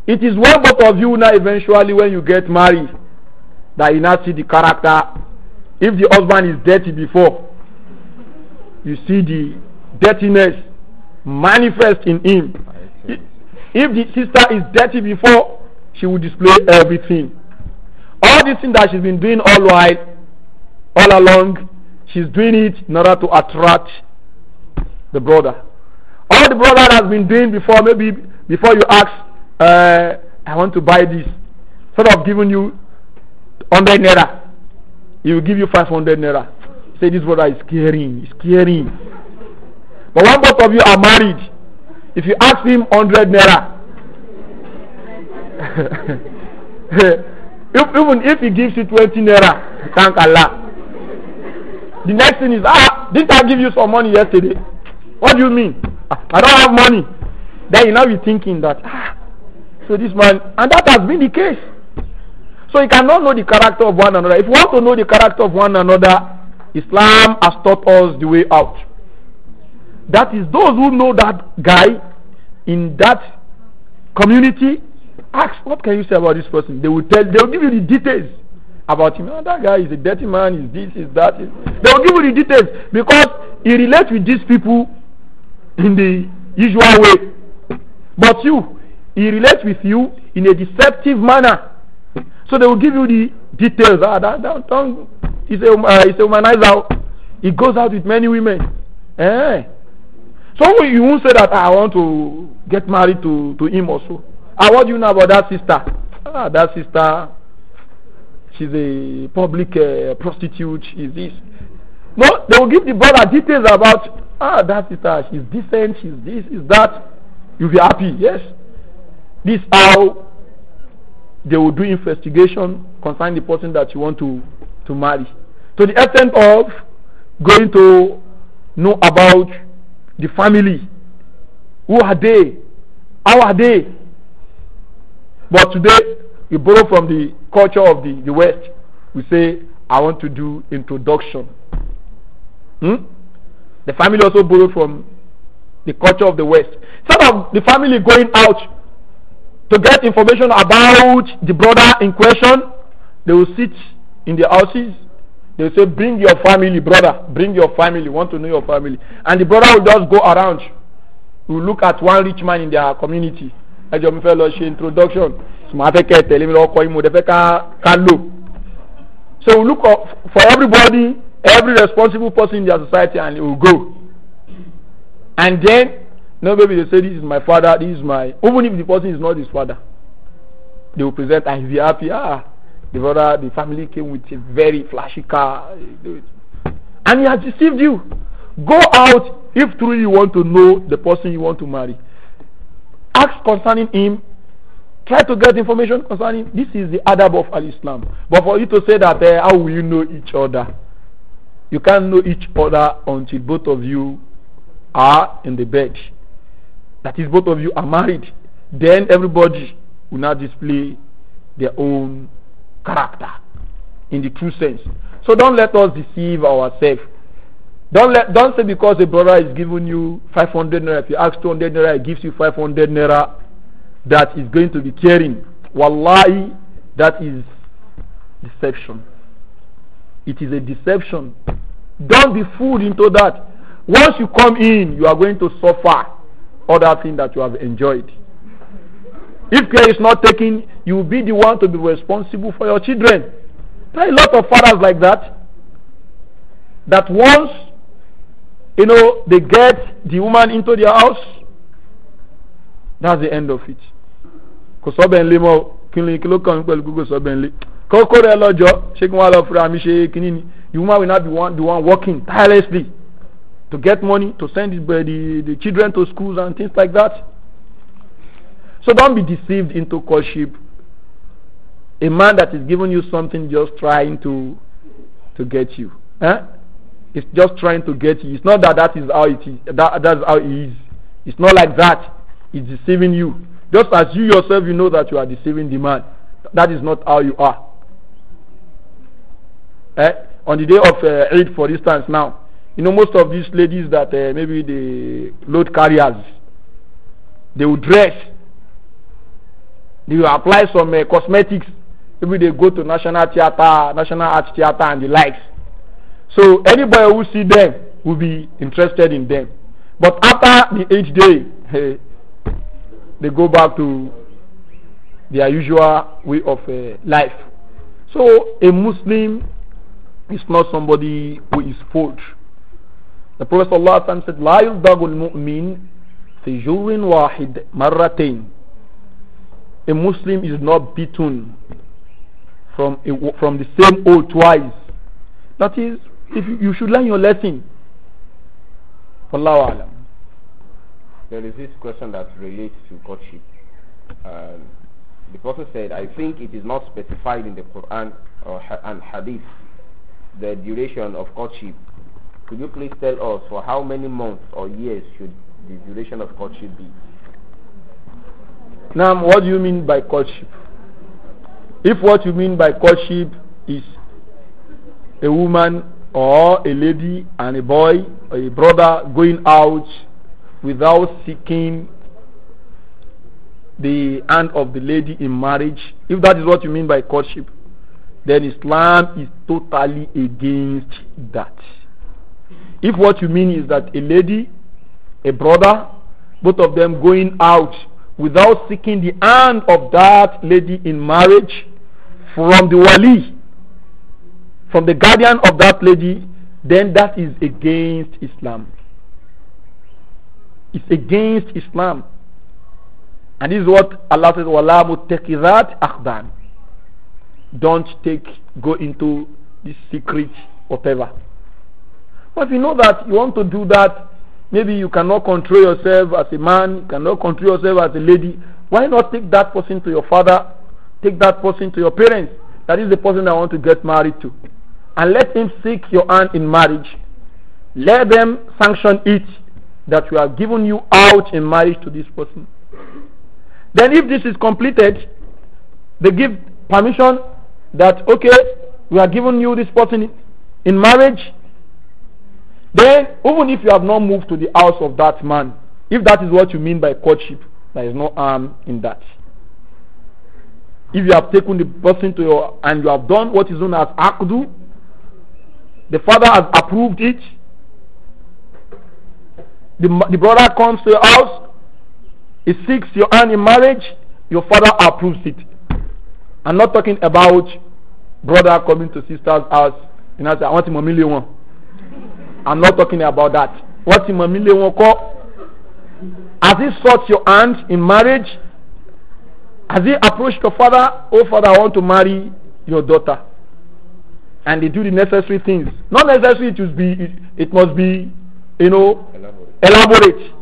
It is one both of you now eventually when you get married that you now see the character. If the husband is dirty before, you see the dirtiness manifest in him. If the sister is dirty before, she will display everything. All these things that she's been doing all while, all along, she's doing it in order to attract the brother. All the brother has been doing before, maybe before you ask, uh, I want to buy this. Instead of giving you 100 naira, he will give you 500 naira. Say, this brother is caring, is caring. But when both of you are married, if you ask him 100 naira, even if he gives you 20 naira, thank Allah. The next thing is, ah, didn't I give you some money yesterday? What do you mean? Ah, I don't have money. Then you now be thinking that, ah, so this man, and that has been the case. So you cannot know the character of one another. If you want to know the character of one another, Islam has taught us the way out. That is, those who know that guy in that community, ask, what can you say about this person? They will tell, they will give you the details about him. Oh, that guy is a dirty man, is this, is that. Is... They will give you the details because he relates with these people in the usual way. But you, he relates with you in a deceptive manner. So they will give you the details. Ah, that, that, don't, he's, a, uh, he's a humanizer. He goes out with many women. Eh? So you won't say that ah, I want to get married to, to him also. Ah, what you know about that sister? Ah, that sister she's a public uh, prostitute, she's this. No, they will give the brother details about, ah, that's it. she's decent, she's this, is that. You'll be happy, yes. This how they will do investigation concerning the person that you want to, to marry. To the extent of going to know about the family. Who are they? How are they? But today, you borrow from the culture of the, the West, we say, I want to do introduction. Hmm? The family also borrowed from the culture of the West. Some of the family going out to get information about the brother in question, they will sit in their houses. They will say, Bring your family, brother. Bring your family. Want to know your family. And the brother will just go around. He will look at one rich man in their community. Ẹ jọ mi fẹ́ introduction. màá fẹ́ kẹ́ tẹ̀lé mi lọ dẹ̀ fẹ́ ká lò so we look for everybody every responsible person in their society and we will go and then no baby they say this is my father this is my even if the person is not his father they will present and he be happy ah the father the family came with a very flashy car and he has deceived you go out if truly you want to know the person you want to marry ask concerning him Try to get information concerning this is the adab of al-Islam. But for you to say that, eh, how will you know each other? You can't know each other until both of you are in the bed. That is, both of you are married. Then everybody will now display their own character in the true sense. So don't let us deceive ourselves. Don't let don't say because a brother is giving you 500 naira, if you ask 200 naira, he gives you 500 naira that is going to be caring. Wallahi, that is deception. It is a deception. Don't be fooled into that. Once you come in, you are going to suffer other thing that you have enjoyed. If care is not taken, you will be the one to be responsible for your children. There are a lot of fathers like that. That once, you know, they get the woman into their house, that's the end of it kò sọ́bẹ̀ ńlẹ̀ mọ́ kílín kí ló kàn pẹ̀lú gbogbo sọ́bẹ̀ ńlẹ̀ kókó rẹ lọ́jọ́ ṣé kí wọ́n lọ fura mi ṣe kínní ni you woman will not be one the one working tirelessly to get money to send the, the, the children to schools and things like that so don't be deceived into courtship a man that is giving you something just trying to to get you eh? it's just trying to get you it's not that that is how it is that, that's how he is. it's not like that it's deceiving you just as you yourself, you know that you are deceiving the man. That is not how you are. Eh? On the day of uh, Eid, for instance, now, you know, most of these ladies that uh, maybe the load carriers, they will dress, they will apply some uh, cosmetics. Maybe they go to National Theatre, National Arts Theatre, and the likes. So anybody who see them will be interested in them. But after the eighth day, they go back to their usual way of uh, life. So a Muslim is not somebody who is forged. The Prophet ﷺ said, لا يلدغ المؤمن في جر واحد A Muslim is not beaten from, a, from the same hole twice. That is, if you, you should learn your lesson. Wallahu alam there is this question that relates to courtship. Um, the Prophet said, I think it is not specified in the Quran or ha and Hadith the duration of courtship. Could you please tell us for how many months or years should the duration of courtship be? Now, what do you mean by courtship? If what you mean by courtship is a woman or a lady and a boy or a brother going out without seeking the hand of the lady in marriage, if that is what you mean by courtship, then Islam is totally against that. If what you mean is that a lady, a brother, both of them going out without seeking the hand of that lady in marriage from the wali, from the guardian of that lady, then that is against Islam is against Islam. And this is what Allah says, Wala mutakirat akhdan. Don't take go into this secret whatever. But if you know that you want to do that, maybe you cannot control yourself as a man, you cannot control yourself as a lady. Why not take that person to your father? Take that person to your parents. That is the person I want to get married to. And let him seek your hand in marriage. Let them sanction it that we have given you out in marriage to this person. Then, if this is completed, they give permission that, okay, we are giving you this person in marriage. Then, even if you have not moved to the house of that man, if that is what you mean by courtship, there is no harm in that. If you have taken the person to your and you have done what is known as akdu, the father has approved it, the, the brother comes to your house, he seeks your hand in marriage, your father approves it. I'm not talking about brother coming to sister's house. You know, I want him a million one. I'm not talking about that. What him a million one call? Has he sought your hand in marriage? Has he approached your father? Oh, father, I want to marry your daughter. And they do the necessary things. Not necessary to be. It, it must be, you know, elaborate elaborate.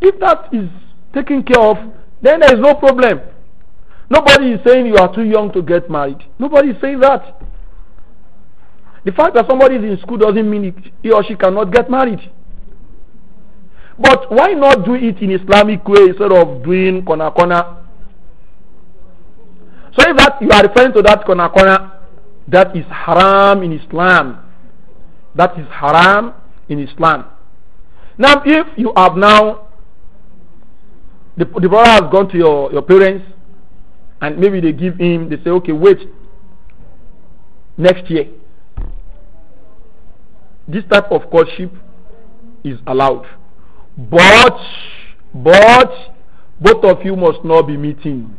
If that is taken care of, then there is no problem. Nobody is saying you are too young to get married. Nobody is saying that. The fact that somebody is in school doesn't mean he or she cannot get married. But why not do it in Islamic way instead of doing corner corner? So if that you are referring to that corner corner, that is haram in Islam. That is haram in Islam. Now, if you have now, the, the brother has gone to your, your parents and maybe they give him, they say, okay, wait, next year. This type of courtship is allowed. But, but, both of you must not be meeting.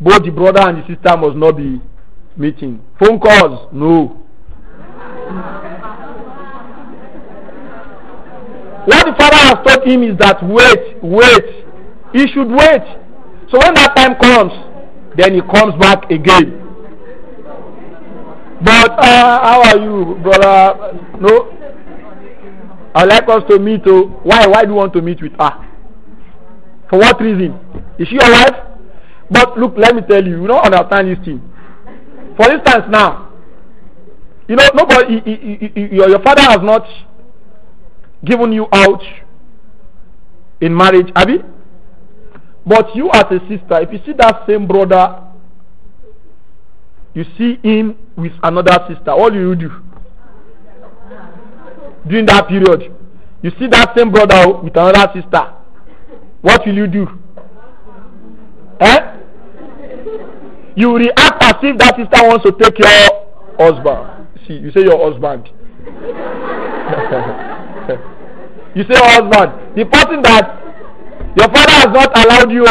Both the brother and the sister must not be meeting. Phone calls, no. What the father has taught him is that wait, wait. He should wait. So when that time comes, then he comes back again. But uh, how are you, brother? No. I'd like us to meet. Oh, why? Why do you want to meet with her? For what reason? Is she your wife? But look, let me tell you, you don't understand this thing. For instance, now, you know, nobody, he, he, he, your, your father has not given you out in marriage, Abby. But you as a sister, if you see that same brother, you see him with another sister, what do you do? During that period, you see that same brother with another sister, what will you do? Eh? You react as if that sister wants to take your husband. See, you say your husband. You say, oh, husband, the person that your father has not allowed you,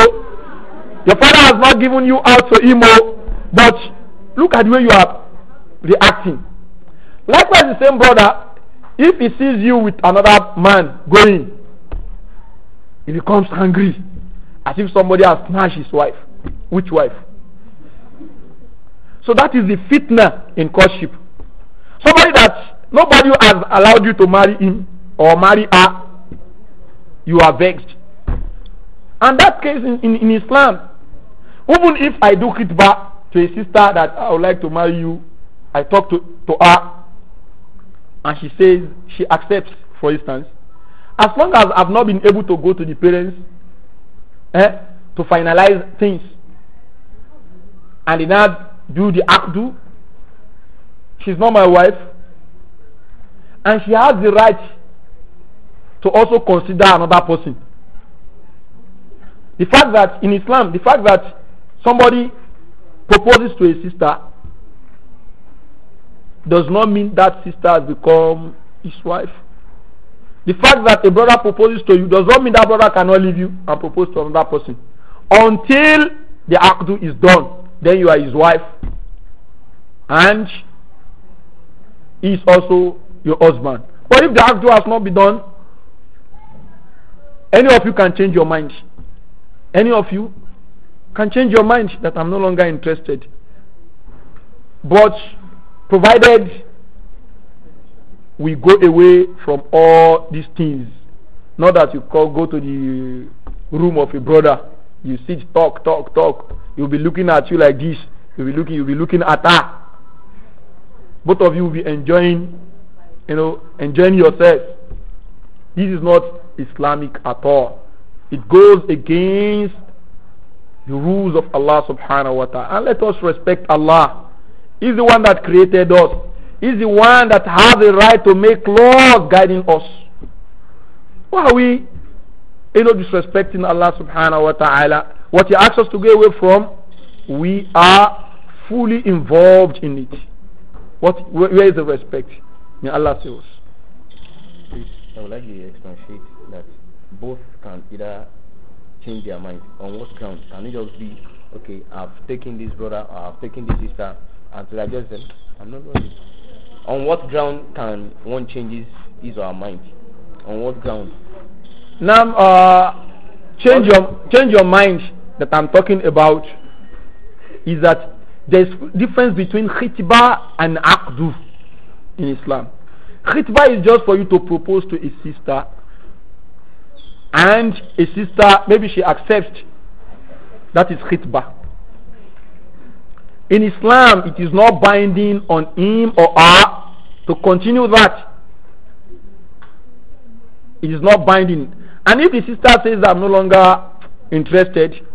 your father has not given you out to him, oh, but look at the way you are reacting. Likewise, the same brother, if he sees you with another man going, he becomes angry as if somebody has snatched his wife. Which wife? So that is the fitna in courtship. Somebody that nobody has allowed you to marry him, or marry her, you are vexed. And that case in, in, in Islam, even if I do back to a sister that I would like to marry you, I talk to, to her and she says she accepts, for instance, as long as I've not been able to go to the parents eh, to finalize things and they now do the akdu, she's not my wife and she has the right to also consider another person. The fact that in Islam, the fact that somebody proposes to a sister does not mean that sister has become his wife. The fact that a brother proposes to you does not mean that brother cannot leave you and propose to another person. Until the akdu is done, then you are his wife. And he is also your husband. But if the akdu has not been done, any of you can change your mind. Any of you can change your mind that I'm no longer interested. But provided we go away from all these things, not that you call, go to the room of a brother, you sit, talk, talk, talk. You'll be looking at you like this. You'll be looking, you'll be looking at her. Both of you will be enjoying, you know, enjoying yourself. This is not Islamic at all. It goes against the rules of Allah subhanahu wa ta'ala. And let us respect Allah. He's the one that created us. He's the one that has the right to make laws guiding us. Why are we you know, disrespecting Allah subhanahu wa ta'ala? What he asks us to get away from, we are fully involved in it. What, where is the respect? May Allah save us. Please, I would like you to expatiate that both can either change their mind on what ground can it just be okay i've taken this brother or i've taken this sister and to digest them i'm not going on what ground can one change his, or her mind on what ground now uh, change your change your mind that i'm talking about is that there's difference between khitba and akdu in islam khitba is just for you to propose to a sister and a sister, maybe she accepts. That is khitbah. In Islam, it is not binding on him or her to continue that. It is not binding. And if the sister says, I'm no longer interested,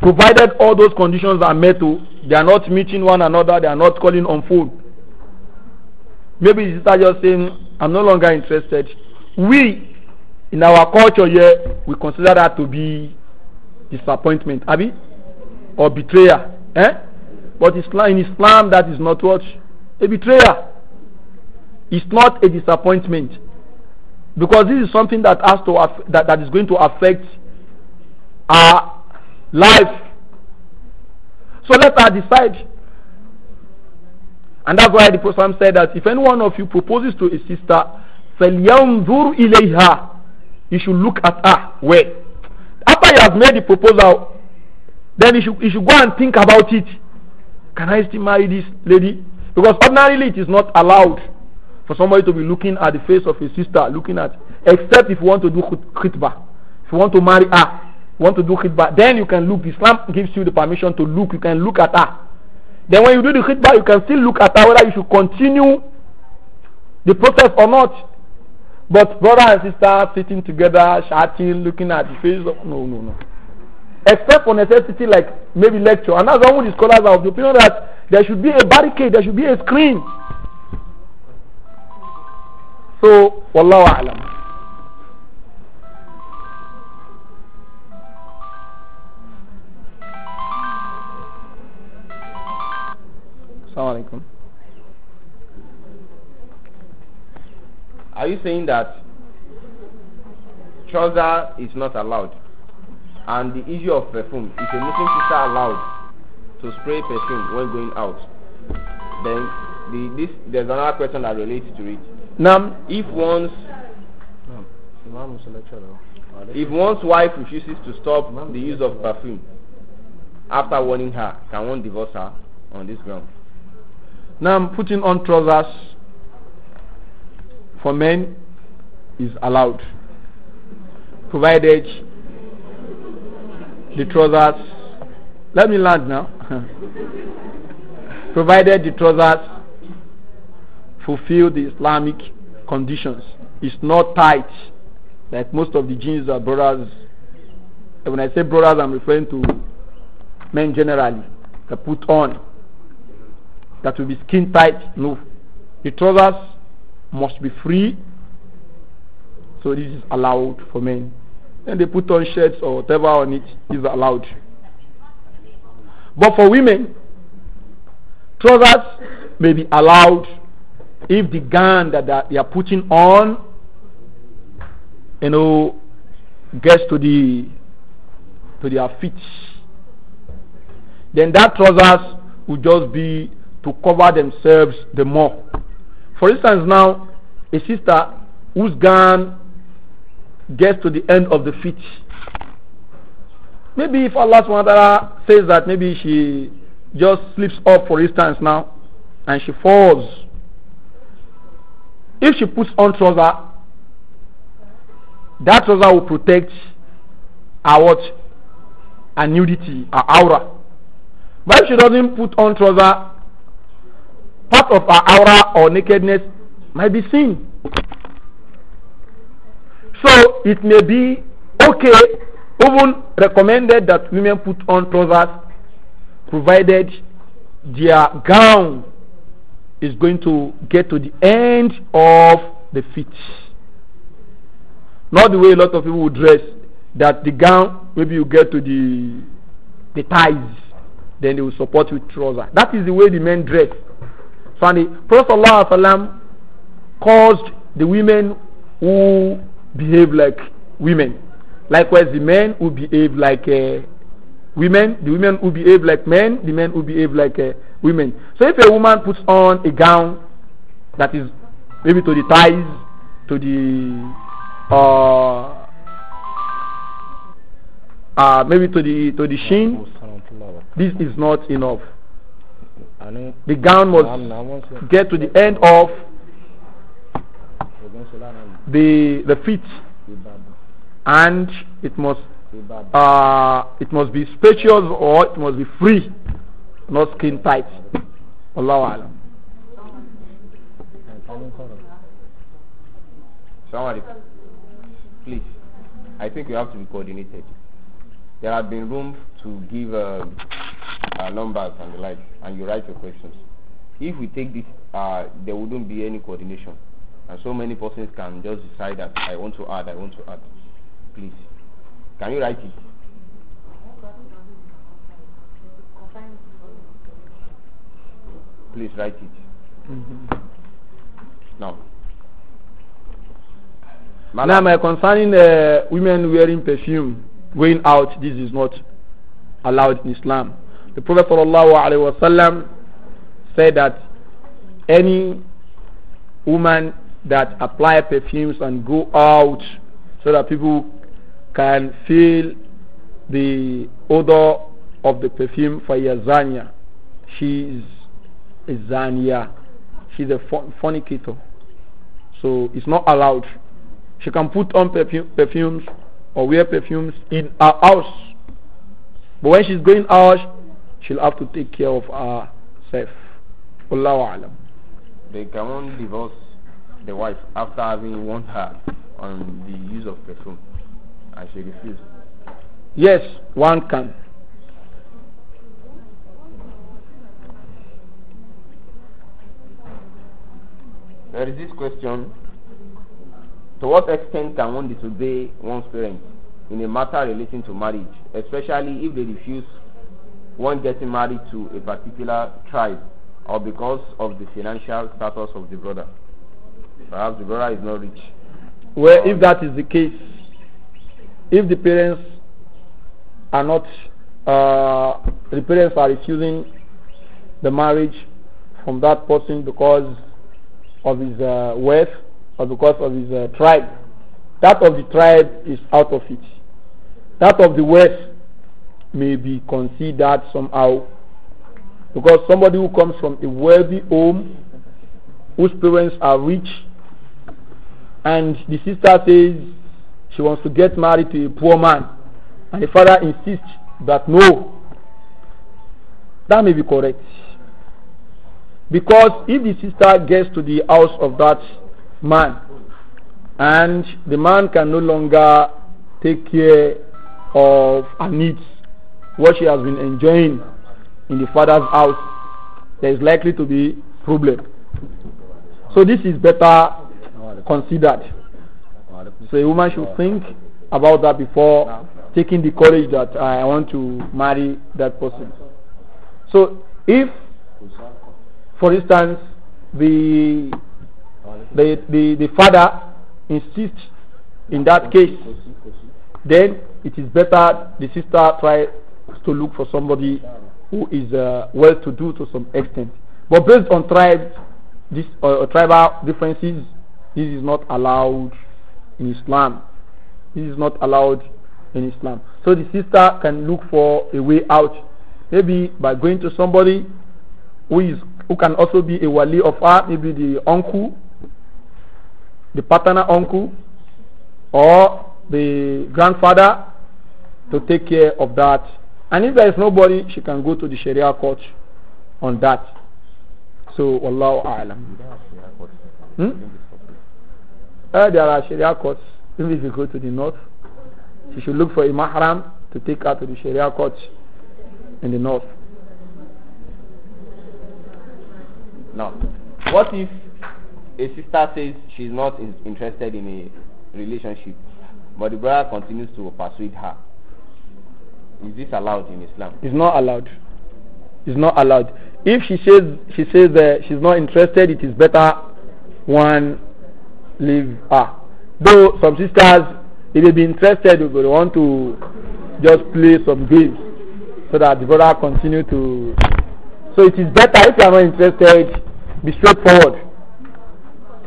provided all those conditions are met, to, oh, they are not meeting one another, they are not calling on food. Maybe the sister just saying, I'm no longer interested. We, in our culture here we consider that to be disappointment abi or betrayal eh but islam in islam that is not what a betrayal it's not a disappointment because this is something that has to that, that is going to affect our life so let us decide and that's why the prophet said that if any one of you proposes to a sister فَلْيَنْظُرْ إِلَيْهَا you should look at her well. After he has made the proposal, then he should, you should go and think about it. Can I still marry this lady? Because ordinarily it is not allowed for somebody to be looking at the face of a sister, looking at, except if you want to do khutbah, If you want to marry her, you want to do khutbah, then you can look. Islam gives you the permission to look. You can look at her. Then when you do the khutbah, you can still look at her whether you should continue the process or not. But brother and sister sitting together, chatting, looking at the face of no, no, no. Except for necessity, like maybe lecture. And that's all the scholars are of the opinion that there should be a barricade, there should be a screen. So, wallahu a'lam. Assalamu alaikum. Are you saying that trouser is not allowed? And the issue of perfume, is a Muslim sister allowed to spray perfume when going out? Then the, this, there's another question that relates to it. Now, if one's if one's wife refuses to stop the use of perfume after warning her, can one divorce her on this ground? Now, putting on trousers for men is allowed, provided the trousers. Let me land now. provided the trousers fulfill the Islamic conditions. It's not tight like most of the jeans are brothers. And when I say brothers, I'm referring to men generally that put on that will be skin tight. No, the trousers must be free. So this is allowed for men. Then they put on shirts or whatever on it is allowed. But for women, trousers may be allowed if the gown that they are putting on, you know, gets to the to their feet. Then that trousers would just be to cover themselves the more. For instance, now, a sister whose gown gets to the end of the feet. Maybe if Allah subhanahu says that maybe she just slips up, for instance, now, and she falls. If she puts on trouser, that trouser will protect her what? Her nudity, her aura. But if she doesn't put on trouser, part of our aura or nakedness might be seen. So it may be okay, even recommended that women put on trousers provided their gown is going to get to the end of the feet. Not the way a lot of people would dress, that the gown, maybe you get to the, the thighs, then they will support with trousers. That is the way the men dress. Funny. Prophet Allah caused the women who behave like women. Likewise, the men who behave like uh, women, the women who behave like men, the men who behave like uh, women. So if a woman puts on a gown that is maybe to the thighs, to the uh, uh, maybe to the to the shin, this is not enough. The gown must get to the end of the the feet and it must uh, it must be spacious or it must be free not skin tight Allah alam Somebody, please. I think we have to be coordinated. There have been room to give. Uh, uh, numbers and the like, and you write your questions. If we take this, uh, there wouldn't be any coordination. And so many persons can just decide that I want to add, I want to add. Please, can you write it? Please write it. Mm-hmm. now. Madam. Now, concerning uh, women wearing perfume, going out, this is not allowed in Islam. The Prophet ﷺ said that any woman that apply perfumes and go out so that people can feel the odor of the perfume for Yazania. She's a Zania. She's a fornicator. So it's not allowed. She can put on perfume, perfumes or wear perfumes in her house. But when she's going out, she'll have to take care of herself. Allahu alam. They cannot divorce the wife after having warned her on the use of perfume and she refused. Yes, one can. There is this question. To what extent can one disobey one's parents in a matter relating to marriage, especially if they refuse one getting married to a particular tribe or because of the financial status of the brother. Perhaps the brother is not rich. Well, if that is the case, if the parents are not, uh, the parents are refusing the marriage from that person because of his uh, wealth or because of his uh, tribe. That of the tribe is out of it. That of the wealth may be considered somehow. Because somebody who comes from a wealthy home, whose parents are rich, and the sister says she wants to get married to a poor man, and the father insists that no, that may be correct. Because if the sister gets to the house of that man, and the man can no longer take care of her needs, what she has been enjoying in the father's house, there is likely to be problem. So this is better considered. So a woman should think about that before taking the courage that I want to marry that person. So if, for instance, the the the, the father insists in that case, then it is better the sister try to look for somebody who is uh, well to do to some extent. But based on tribe, this uh, tribal differences, this is not allowed in Islam. This is not allowed in Islam. So the sister can look for a way out, maybe by going to somebody who is who can also be a wali of her, maybe the uncle, the paternal uncle, or the grandfather to take care of that and if there is nobody, she can go to the Sharia court on that. So, Wallahu A'lam. Hmm? Uh, there are Sharia courts. Even if you go to the north, she should look for a mahram to take her to the Sharia court in the north. Now, what if a sister says she's not interested in a relationship, but the brother continues to persuade her? Is this allowed in Islam? It's not allowed. It's not allowed. If she says she says uh, she's not interested, it is better one leave her. Though some sisters, if they be interested, they will want to just play some games so that the brother continue to. So it is better if you are not interested, be straightforward.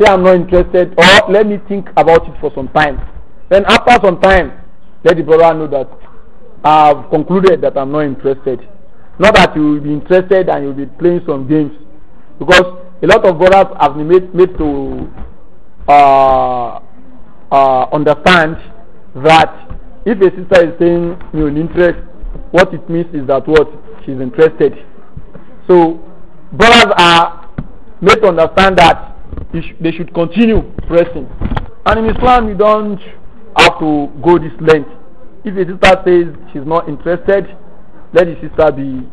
Say I'm not interested, or let me think about it for some time. Then after some time, let the brother know that have concluded that I'm not interested. Not that you will be interested and you'll be playing some games. Because a lot of brothers have been made, made to uh, uh, understand that if a sister is saying you're an interest, what it means is that what she's interested. So brothers are made to understand that they should continue pressing. And in Islam, you don't have to go this length. If a sister says she's not interested, let your sister be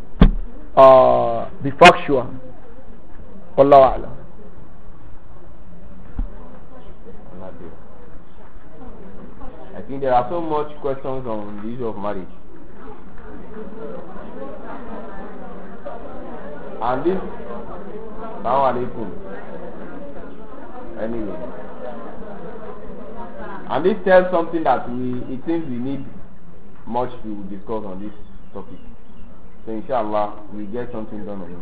uh, be factual. Allah alam. I think there are so much questions on the issue of marriage. And this, now Anyway. And this tells something that we, it seems we need much we will discuss on this topic. So inshallah, we get something done on it.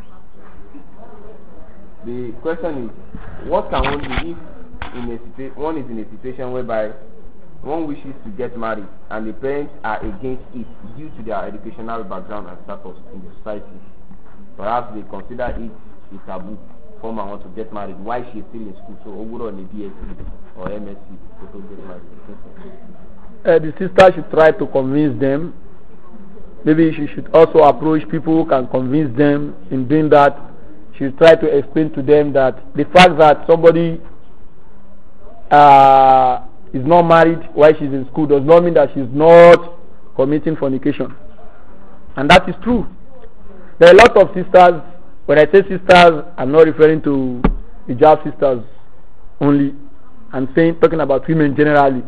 The question is, what can one do if in a situa- one is in a situation whereby one wishes to get married and the parents are against it due to their educational background and status in the society. Perhaps they consider it a taboo for man want to get married while she is still in school, so overall in a BSc or MSc to get married uh, the sister should try to convince them. Maybe she should also approach people who can convince them in doing that. She should try to explain to them that the fact that somebody uh, is not married while she's in school does not mean that she's not committing fornication. And that is true. There are a lot of sisters. When I say sisters, I'm not referring to hijab sisters only. I'm saying talking about women generally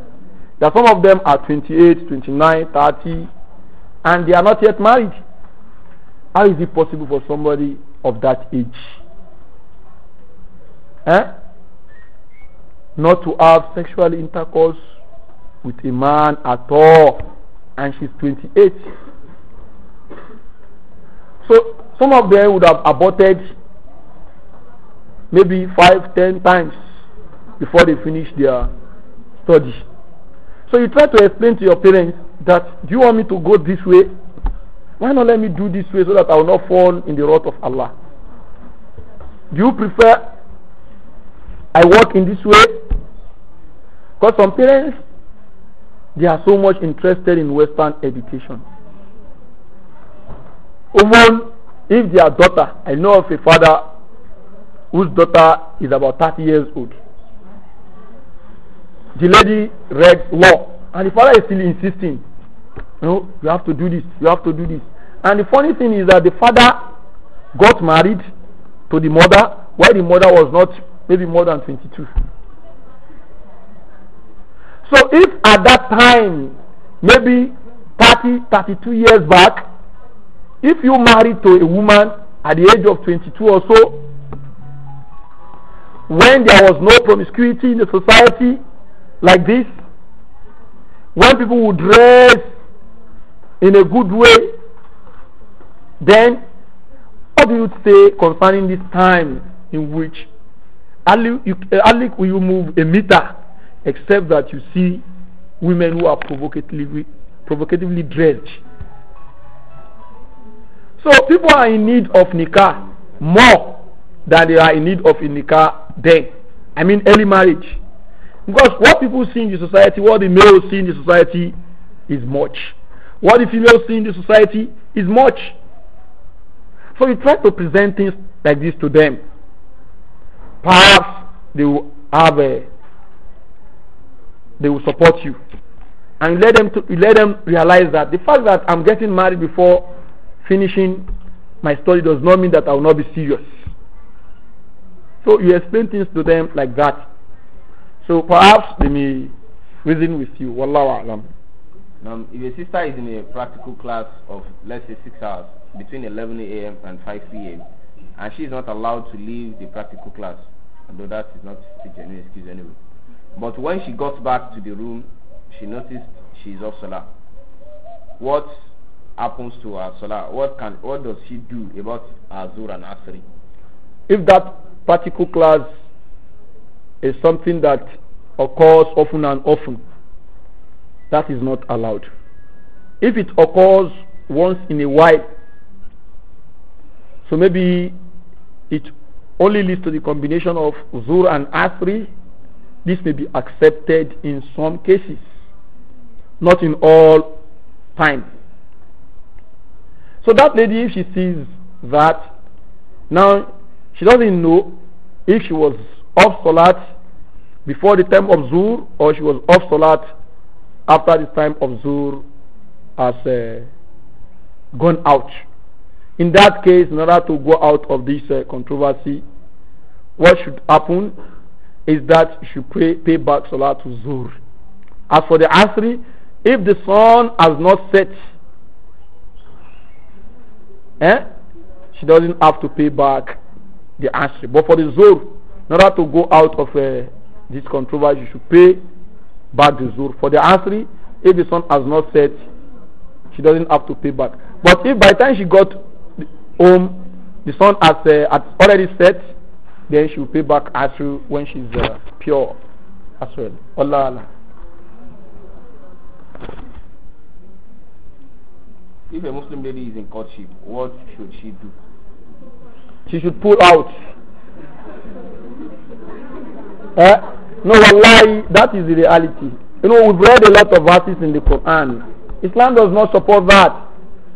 there are some of them are 28, 29, 30, and they are not yet married. How is it possible for somebody of that age? Eh? Not to have sexual intercourse with a man at all, and she's 28. So some of them would have aborted maybe five, ten times before they finish their studies. So you try to explain to your parents that do you want me to go this way? Why not let me do this way so that I will not fall in the wrath of Allah? Do you prefer I walk in this way? Because some parents they are so much interested in Western education. Even if their daughter, I know of a father whose daughter is about 30 years old the lady read law and the father is still insisting you know you have to do this you have to do this and the funny thing is that the father got married to the mother while the mother was not maybe more than 22 so if at that time maybe 30 32 years back if you married to a woman at the age of 22 or so when there was no promiscuity in the society like this, when people would dress in a good way, then what do you say concerning this time in which hardly will you move a meter except that you see women who are provocatively, provocatively dressed? So people are in need of nikah more than they are in need of nikah then. I mean early marriage. Because what people see in the society, what the males see in the society is much. What the females see in the society is much. So you try to present things like this to them. Perhaps they will have a, they will support you. And let them to, let them realize that the fact that I'm getting married before finishing my study does not mean that I will not be serious. So you explain things to them like that. So perhaps they may reason with you. Wallahu alam. Now, um, if your sister is in a practical class of, let's say, six hours between 11 a.m. and 5 p.m., and she is not allowed to leave the practical class, although that is not a genuine excuse anyway. But when she got back to the room, she noticed she is off salah. What happens to her salah? What can what does she do about azur and asri? If that particular class is something that occurs often and often. That is not allowed. If it occurs once in a while, so maybe it only leads to the combination of Zur and Asri, this may be accepted in some cases, not in all time. So that lady, if she sees that, now she doesn't know if she was off salat before the time of Zuhr or she was off salat after the time of Zuhr has uh, gone out. In that case, in order to go out of this uh, controversy, what should happen is that she should pay, pay back salat to Zuhr. As for the Asri, if the sun has not set, eh, she doesn't have to pay back the Asri. But for the Zuhr, in order to go out of uh, this controversy, you should pay back the zur. For the Asri, if the son has not said, she doesn't have to pay back. But if by the time she got home, the son has, uh, has already said, then she will pay back Asri when she's uh, pure as well. Allah Allah. If a Muslim lady is in courtship, what should she do? She should pull out Eh? No, lie, that is the reality. You know, we've read a lot of verses in the Quran. Islam does not support that.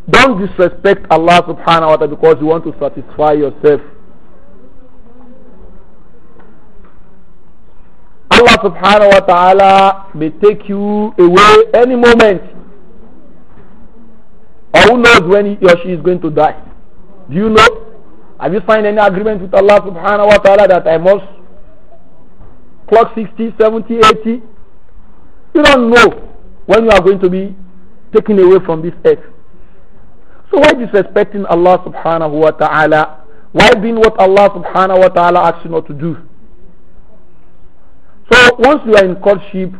Don't disrespect Allah subhanahu wa ta'ala because you want to satisfy yourself. Allah subhanahu wa ta'ala may take you away any moment. Or who knows when he or she is going to die? Do you know? Have you signed any agreement with Allah subhanahu wa ta'ala that I must clock 60, 70, 80. You don't know when you are going to be taken away from this earth. So why disrespecting Allah subhanahu wa ta'ala? Why doing what Allah subhanahu wa ta'ala asks you not to do? So once you are in courtship,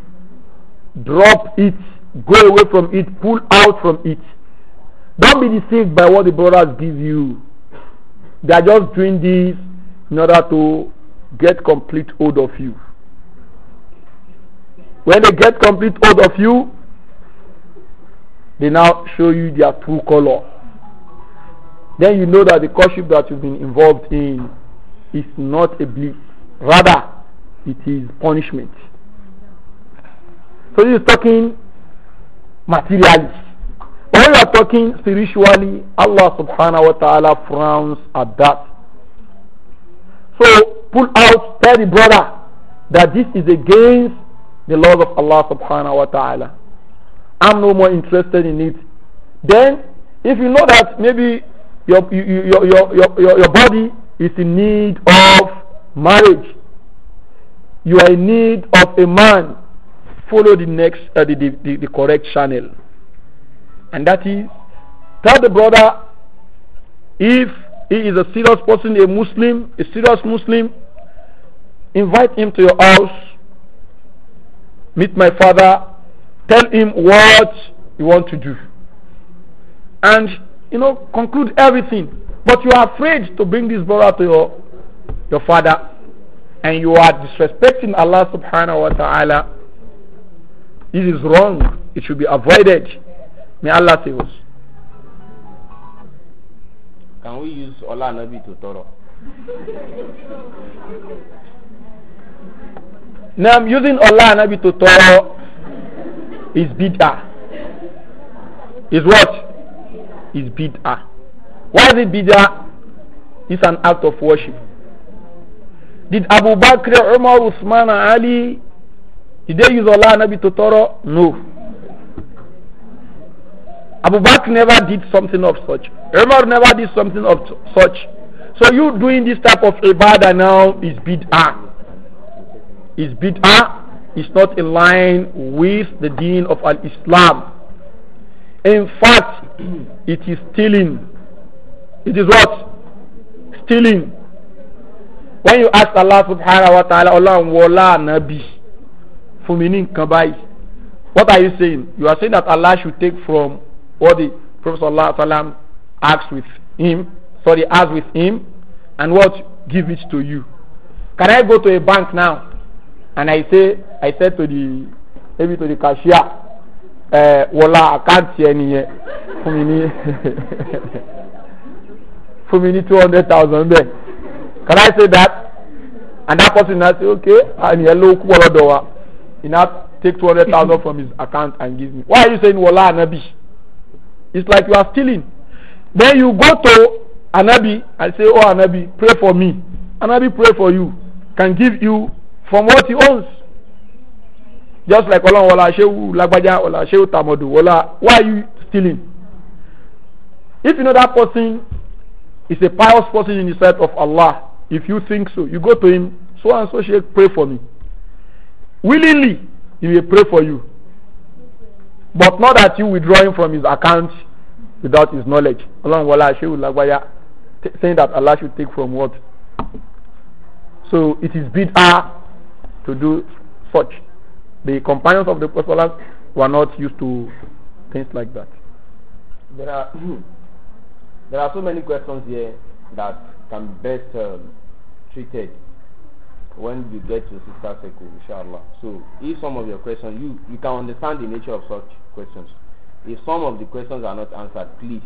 drop it, go away from it, pull out from it. Don't be deceived by what the brothers give you. They are just doing this in order to get complete hold of you. When they get complete hold of you, they now show you their true color. Then you know that the courtship that you've been involved in is not a bliss. Rather, it is punishment. So you're talking materially. But when you are talking spiritually, Allah subhanahu wa ta'ala frowns at that. So pull out, tell the brother that this is against the laws of Allah subhanahu wa ta'ala. I'm no more interested in it. Then, if you know that maybe your, your, your, your, your body is in need of marriage, you are in need of a man, follow the next, uh, the, the, the, the correct channel. And that is, tell the brother, if he is a serious person, a Muslim, a serious Muslim, invite him to your house meet my father, tell him what you want to do. And, you know, conclude everything. But you are afraid to bring this brother to your, your father. And you are disrespecting Allah subhanahu wa ta'ala. This is wrong. It should be avoided. May Allah save us. Can we use Allah Nabi to Toro? Now, I'm using Allah and to talk is bid'ah. Is what? Is bid'ah. Why is it bid'ah? It's an act of worship. Did Abu Bakr, Umar, Usman, Ali, did they use Allah and Nabi Totoro? No. Abu Bakr never did something of such. Umar never did something of such. So you doing this type of ibadah now is bid'ah. is bid'ah, is not in line with the deen of al-Islam. In fact, it is stealing. It is what? Stealing. When you ask Allah subhanahu wa ta'ala, Allah wala nabi, fún mi what are you saying? You are saying that Allah should take from what the Prophet sallallahu asked with him, sorry, asked with him, and what give it to you. Can I go to a bank now and I say I said to the maybe to the cashier ẹ wọlá àkáǹtì ẹ nìyẹn fún mi ní fún mi ní two hundred thousand bẹ́ẹ̀ can I say that and that person na say okay ànìyẹn ló kú ọlọ́dọ̀ wa he na take two hundred thousand from his account and give me why are you saying wọlá anabi it's like you are stealing then you go to anabi and say oh anabi pray for me anabi pray for you can give you from what he owns just like ọlọ́run wọlá aṣẹ́wù lágbájá wọlá aṣẹ́wù tàmọ̀dù wọlá why are you stealing if you know that person is a pious person in the sight of Allah if you think so you go to him so and so sheikh pray for me willingly he will pray for you but not that you withdraw him from his account without his knowledge ọlọ́run wọlá aṣẹ́wù lágbájá saying that Allah should take from what so it is bid bid'ah to do such. The companions of the Prophet were not used to things like that. There are there are so many questions here that can best um, treated when you get to sister circle, inshallah. So if some of your questions you you can understand the nature of such questions. If some of the questions are not answered, please,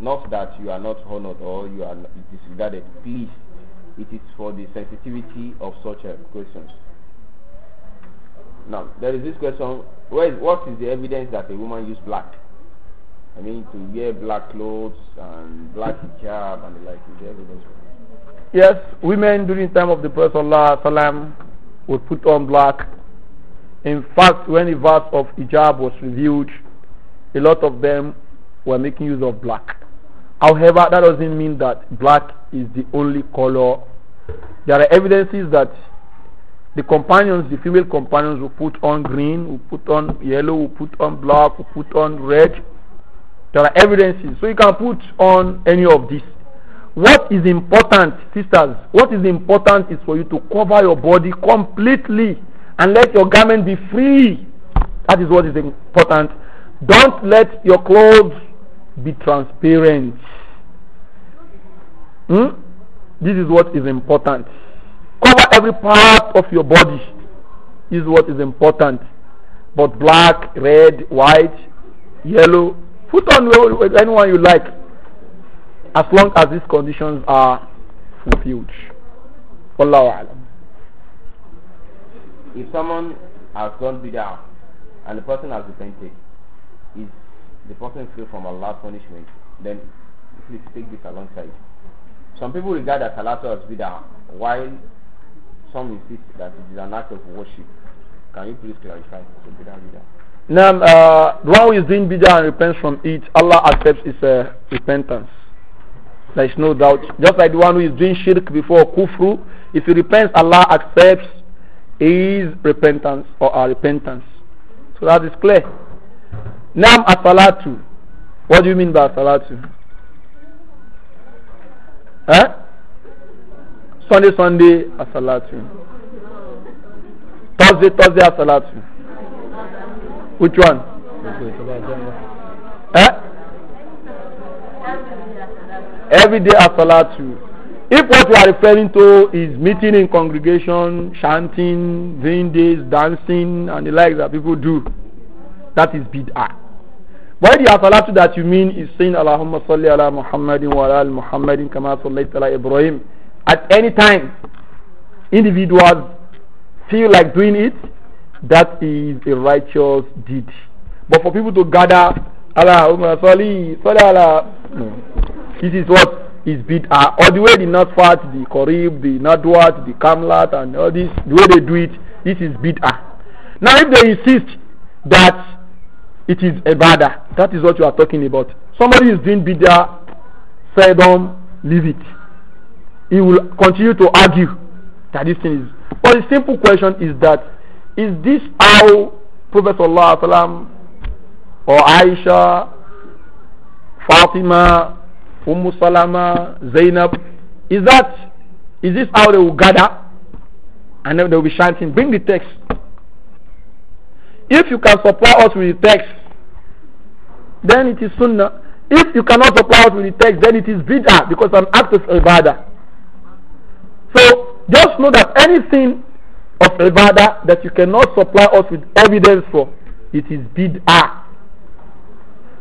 not that you are not honored or you are disregarded, please. It is for the sensitivity of such uh, questions. Now, there is this question what is the evidence that a woman used black? I mean, to wear black clothes and black hijab and the like. Is there evidence? Yes, women during the time of the Prophet ﷺ would put on black. In fact, when the verse of hijab was revealed, a lot of them were making use of black. However, that doesn't mean that black is the only color. There are evidences that the companions, the female companions, will put on green, will put on yellow, will put on black, will put on red. There are evidences. So you can put on any of these. What is important, sisters, what is important is for you to cover your body completely and let your garment be free. That is what is important. Don't let your clothes be transparent. Hmm? This is what is important. Cover every part of your body is what is important. But black, red, white, yellow, put on anyone you like as long as these conditions are fulfilled. Wallahu alam. If someone has gone bid'ah and the person has repented, is the person free from Allah's punishment? Then please take this alongside. Some people regard that Salatu as bid'ah while some insist that it is an act of worship. Can you please clarify to Bidah reader? Now, uh, the one who is doing bidah and repents from it, Allah accepts his uh, repentance. There is no doubt. Just like the one who is doing shirk before kufru, if he repents, Allah accepts his repentance or our repentance. So that is clear. Nam asalatu. What do you mean by asalatu? Huh? Sunday, Sunday, Asalatu. Thursday, Thursday, Asalatu. Which one? eh? Every day, Asalatu. If what you are referring to is meeting in congregation, chanting, doing this, dancing, and the like that people do, that is bid'ah. But the asalatu that you mean is saying Allahumma salli ala Muhammadin wa ala al Muhammadin kama sallaita ala Ibrahim at any time individuals feel like doing it, that is a righteous deed. But for people to gather, Allah, Umar, Sali, Sali, Allah, no. this is what is bid'ah. Or the way the Nasfat, the Korib, the Nadwat, the Kamlat, and all this, the way they do it, this is bid'ah. Now, if they insist that it is ibadah, that is what you are talking about. Somebody is doing bid'ah, seldom leave it. he will continue to argue that this thing is. But the simple question is that is this how Prophet Sallallahu or Aisha, Fatima, Umm Salama, Zainab, is that is this how they will gather and then they will be chanting? Bring the text. If you can supply us with the text, then it is sunnah. If you cannot supply us with the text, then it is bid'ah because an act of ibadah. Just know that anything of ibadah that you cannot supply us with evidence for, it is bid'ah.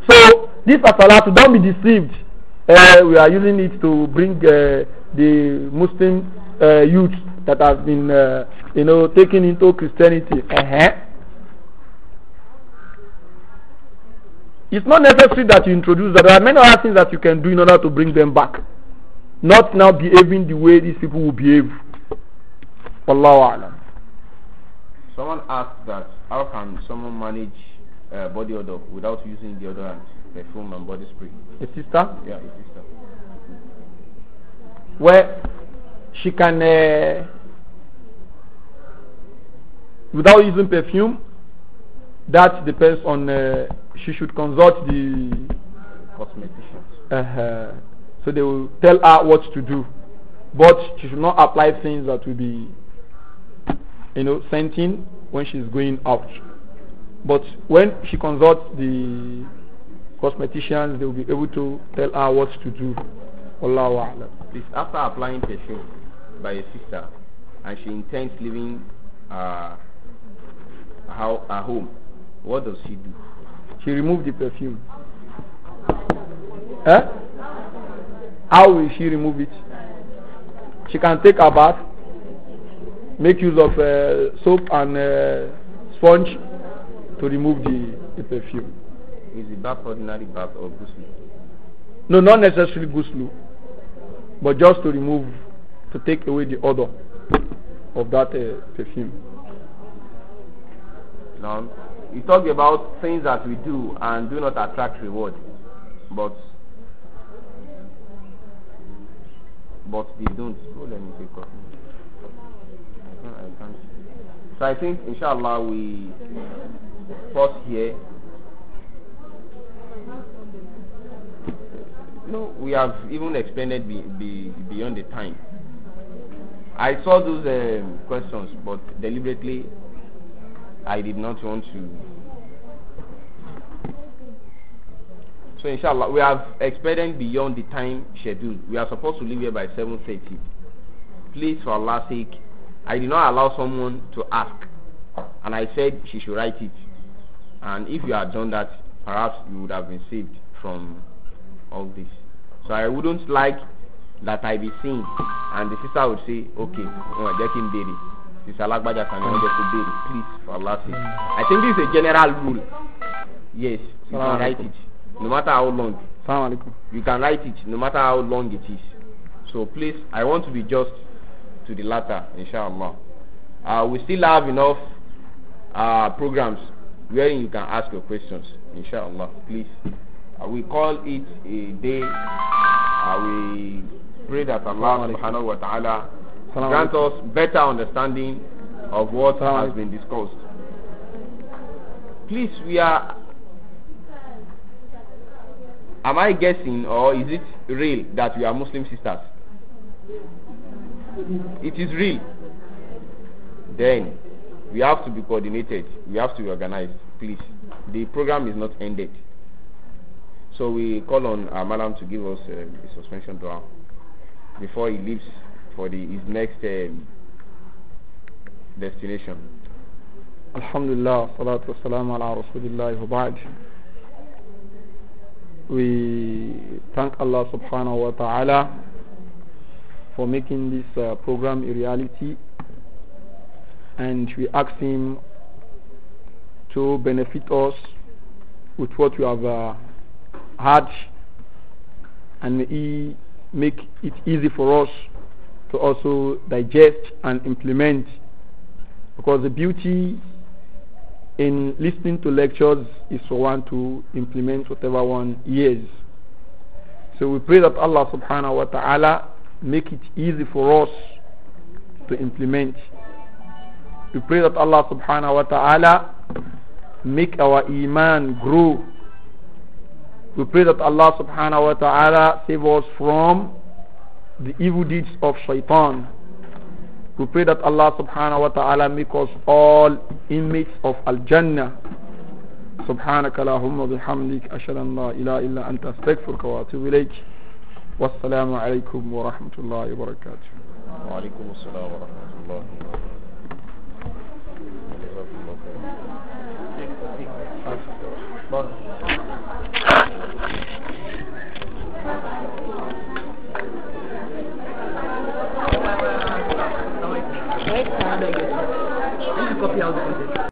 So this asalatu, don't be deceived. Uh, we are using it to bring uh, the Muslim uh, eh, youth that have been, you know, taken into Christianity. -huh. It's not necessary that you introduce that. There are many other things that you can do in order to bring them back. Not now behaving the way these people will behave. Wallahu alam. Someone asked that how can someone manage uh, body odor without using the deodorant, perfume, and body spray? A sister? Yeah, a sister. Well, she can, uh, without using perfume, that depends on, uh, she should consult the cosmeticians. -huh. So they will tell her what to do. But she should not apply things that will be you know, sent when she's going out. But when she consults the cosmeticians, they will be able to tell her what to do. Allah Alam. Please, after applying perfume by a sister and she intends leaving uh, her, her home, what does she do? She removes the perfume. Huh? How will she remove it? She can take a bath make use of uh, soap and uh, sponge to remove the, the perfume. Is the bath ordinary bath or ghusl? No, not necessarily ghusl, but just to remove, to take away the odor of that uh, perfume. Now, you talk about things that we do and do not attract reward, but but they don't. So let me take off. So I think, inshallah, we pause here. No, we have even expanded be, be, beyond the time. I saw those um, questions, but deliberately I did not want to. So inshallah, we have expanded beyond the time schedule. We are supposed to leave here by 7:30. Please, for Allah's sake, I did not allow someone to ask, and I said she should write it. And if you had done that, perhaps you would have been saved from all this. So I wouldn't like that I be seen, and the sister would say, okay, oh, get him baby. Sister Lagbaja can you just baby, please, for Allah's sake. I think this is a general rule. Yes, you can write it, no matter how long. You can write it, no matter how long it is. So please, I want to be just to the latter, inshallah. Uh, we still have enough uh, programs wherein you can ask your questions, inshallah. Please, uh, we call it a day. Uh, we pray that Allah subhanahu wa ta'ala grant us better understanding of what has been discussed. Please, we are. Am I guessing or is it real that we are Muslim sisters? It is real. Then we have to be coordinated. We have to be organized. Please, the program is not ended. So we call on our uh, madam to give us a uh, suspension draw before he leaves for the, his next um, destination. Alhamdulillah, salatu wassalamu ala rasulillah We thank Allah subhanahu wa ta'ala for making this uh, program a reality. And we ask him to benefit us with what we have uh, had and he make it easy for us to also digest and implement because the beauty in listening to lectures is for one to implement whatever one hears. So we pray that Allah subhanahu wa ta'ala make it easy for us to implement. We pray that Allah subhanahu wa ta'ala make our iman grow. We pray that Allah subhanahu wa ta'ala save us from the evil deeds of shaitan. We pray that Allah subhanahu wa ta'ala make us all inmates of Al-Jannah. سبحانك اللهم وبحمدك أشهد أن لا إله إلا أنت أستغفرك وأتوب إليك والسلام عليكم ورحمة الله وبركاته وعليكم السلام ورحمة الله وبركاته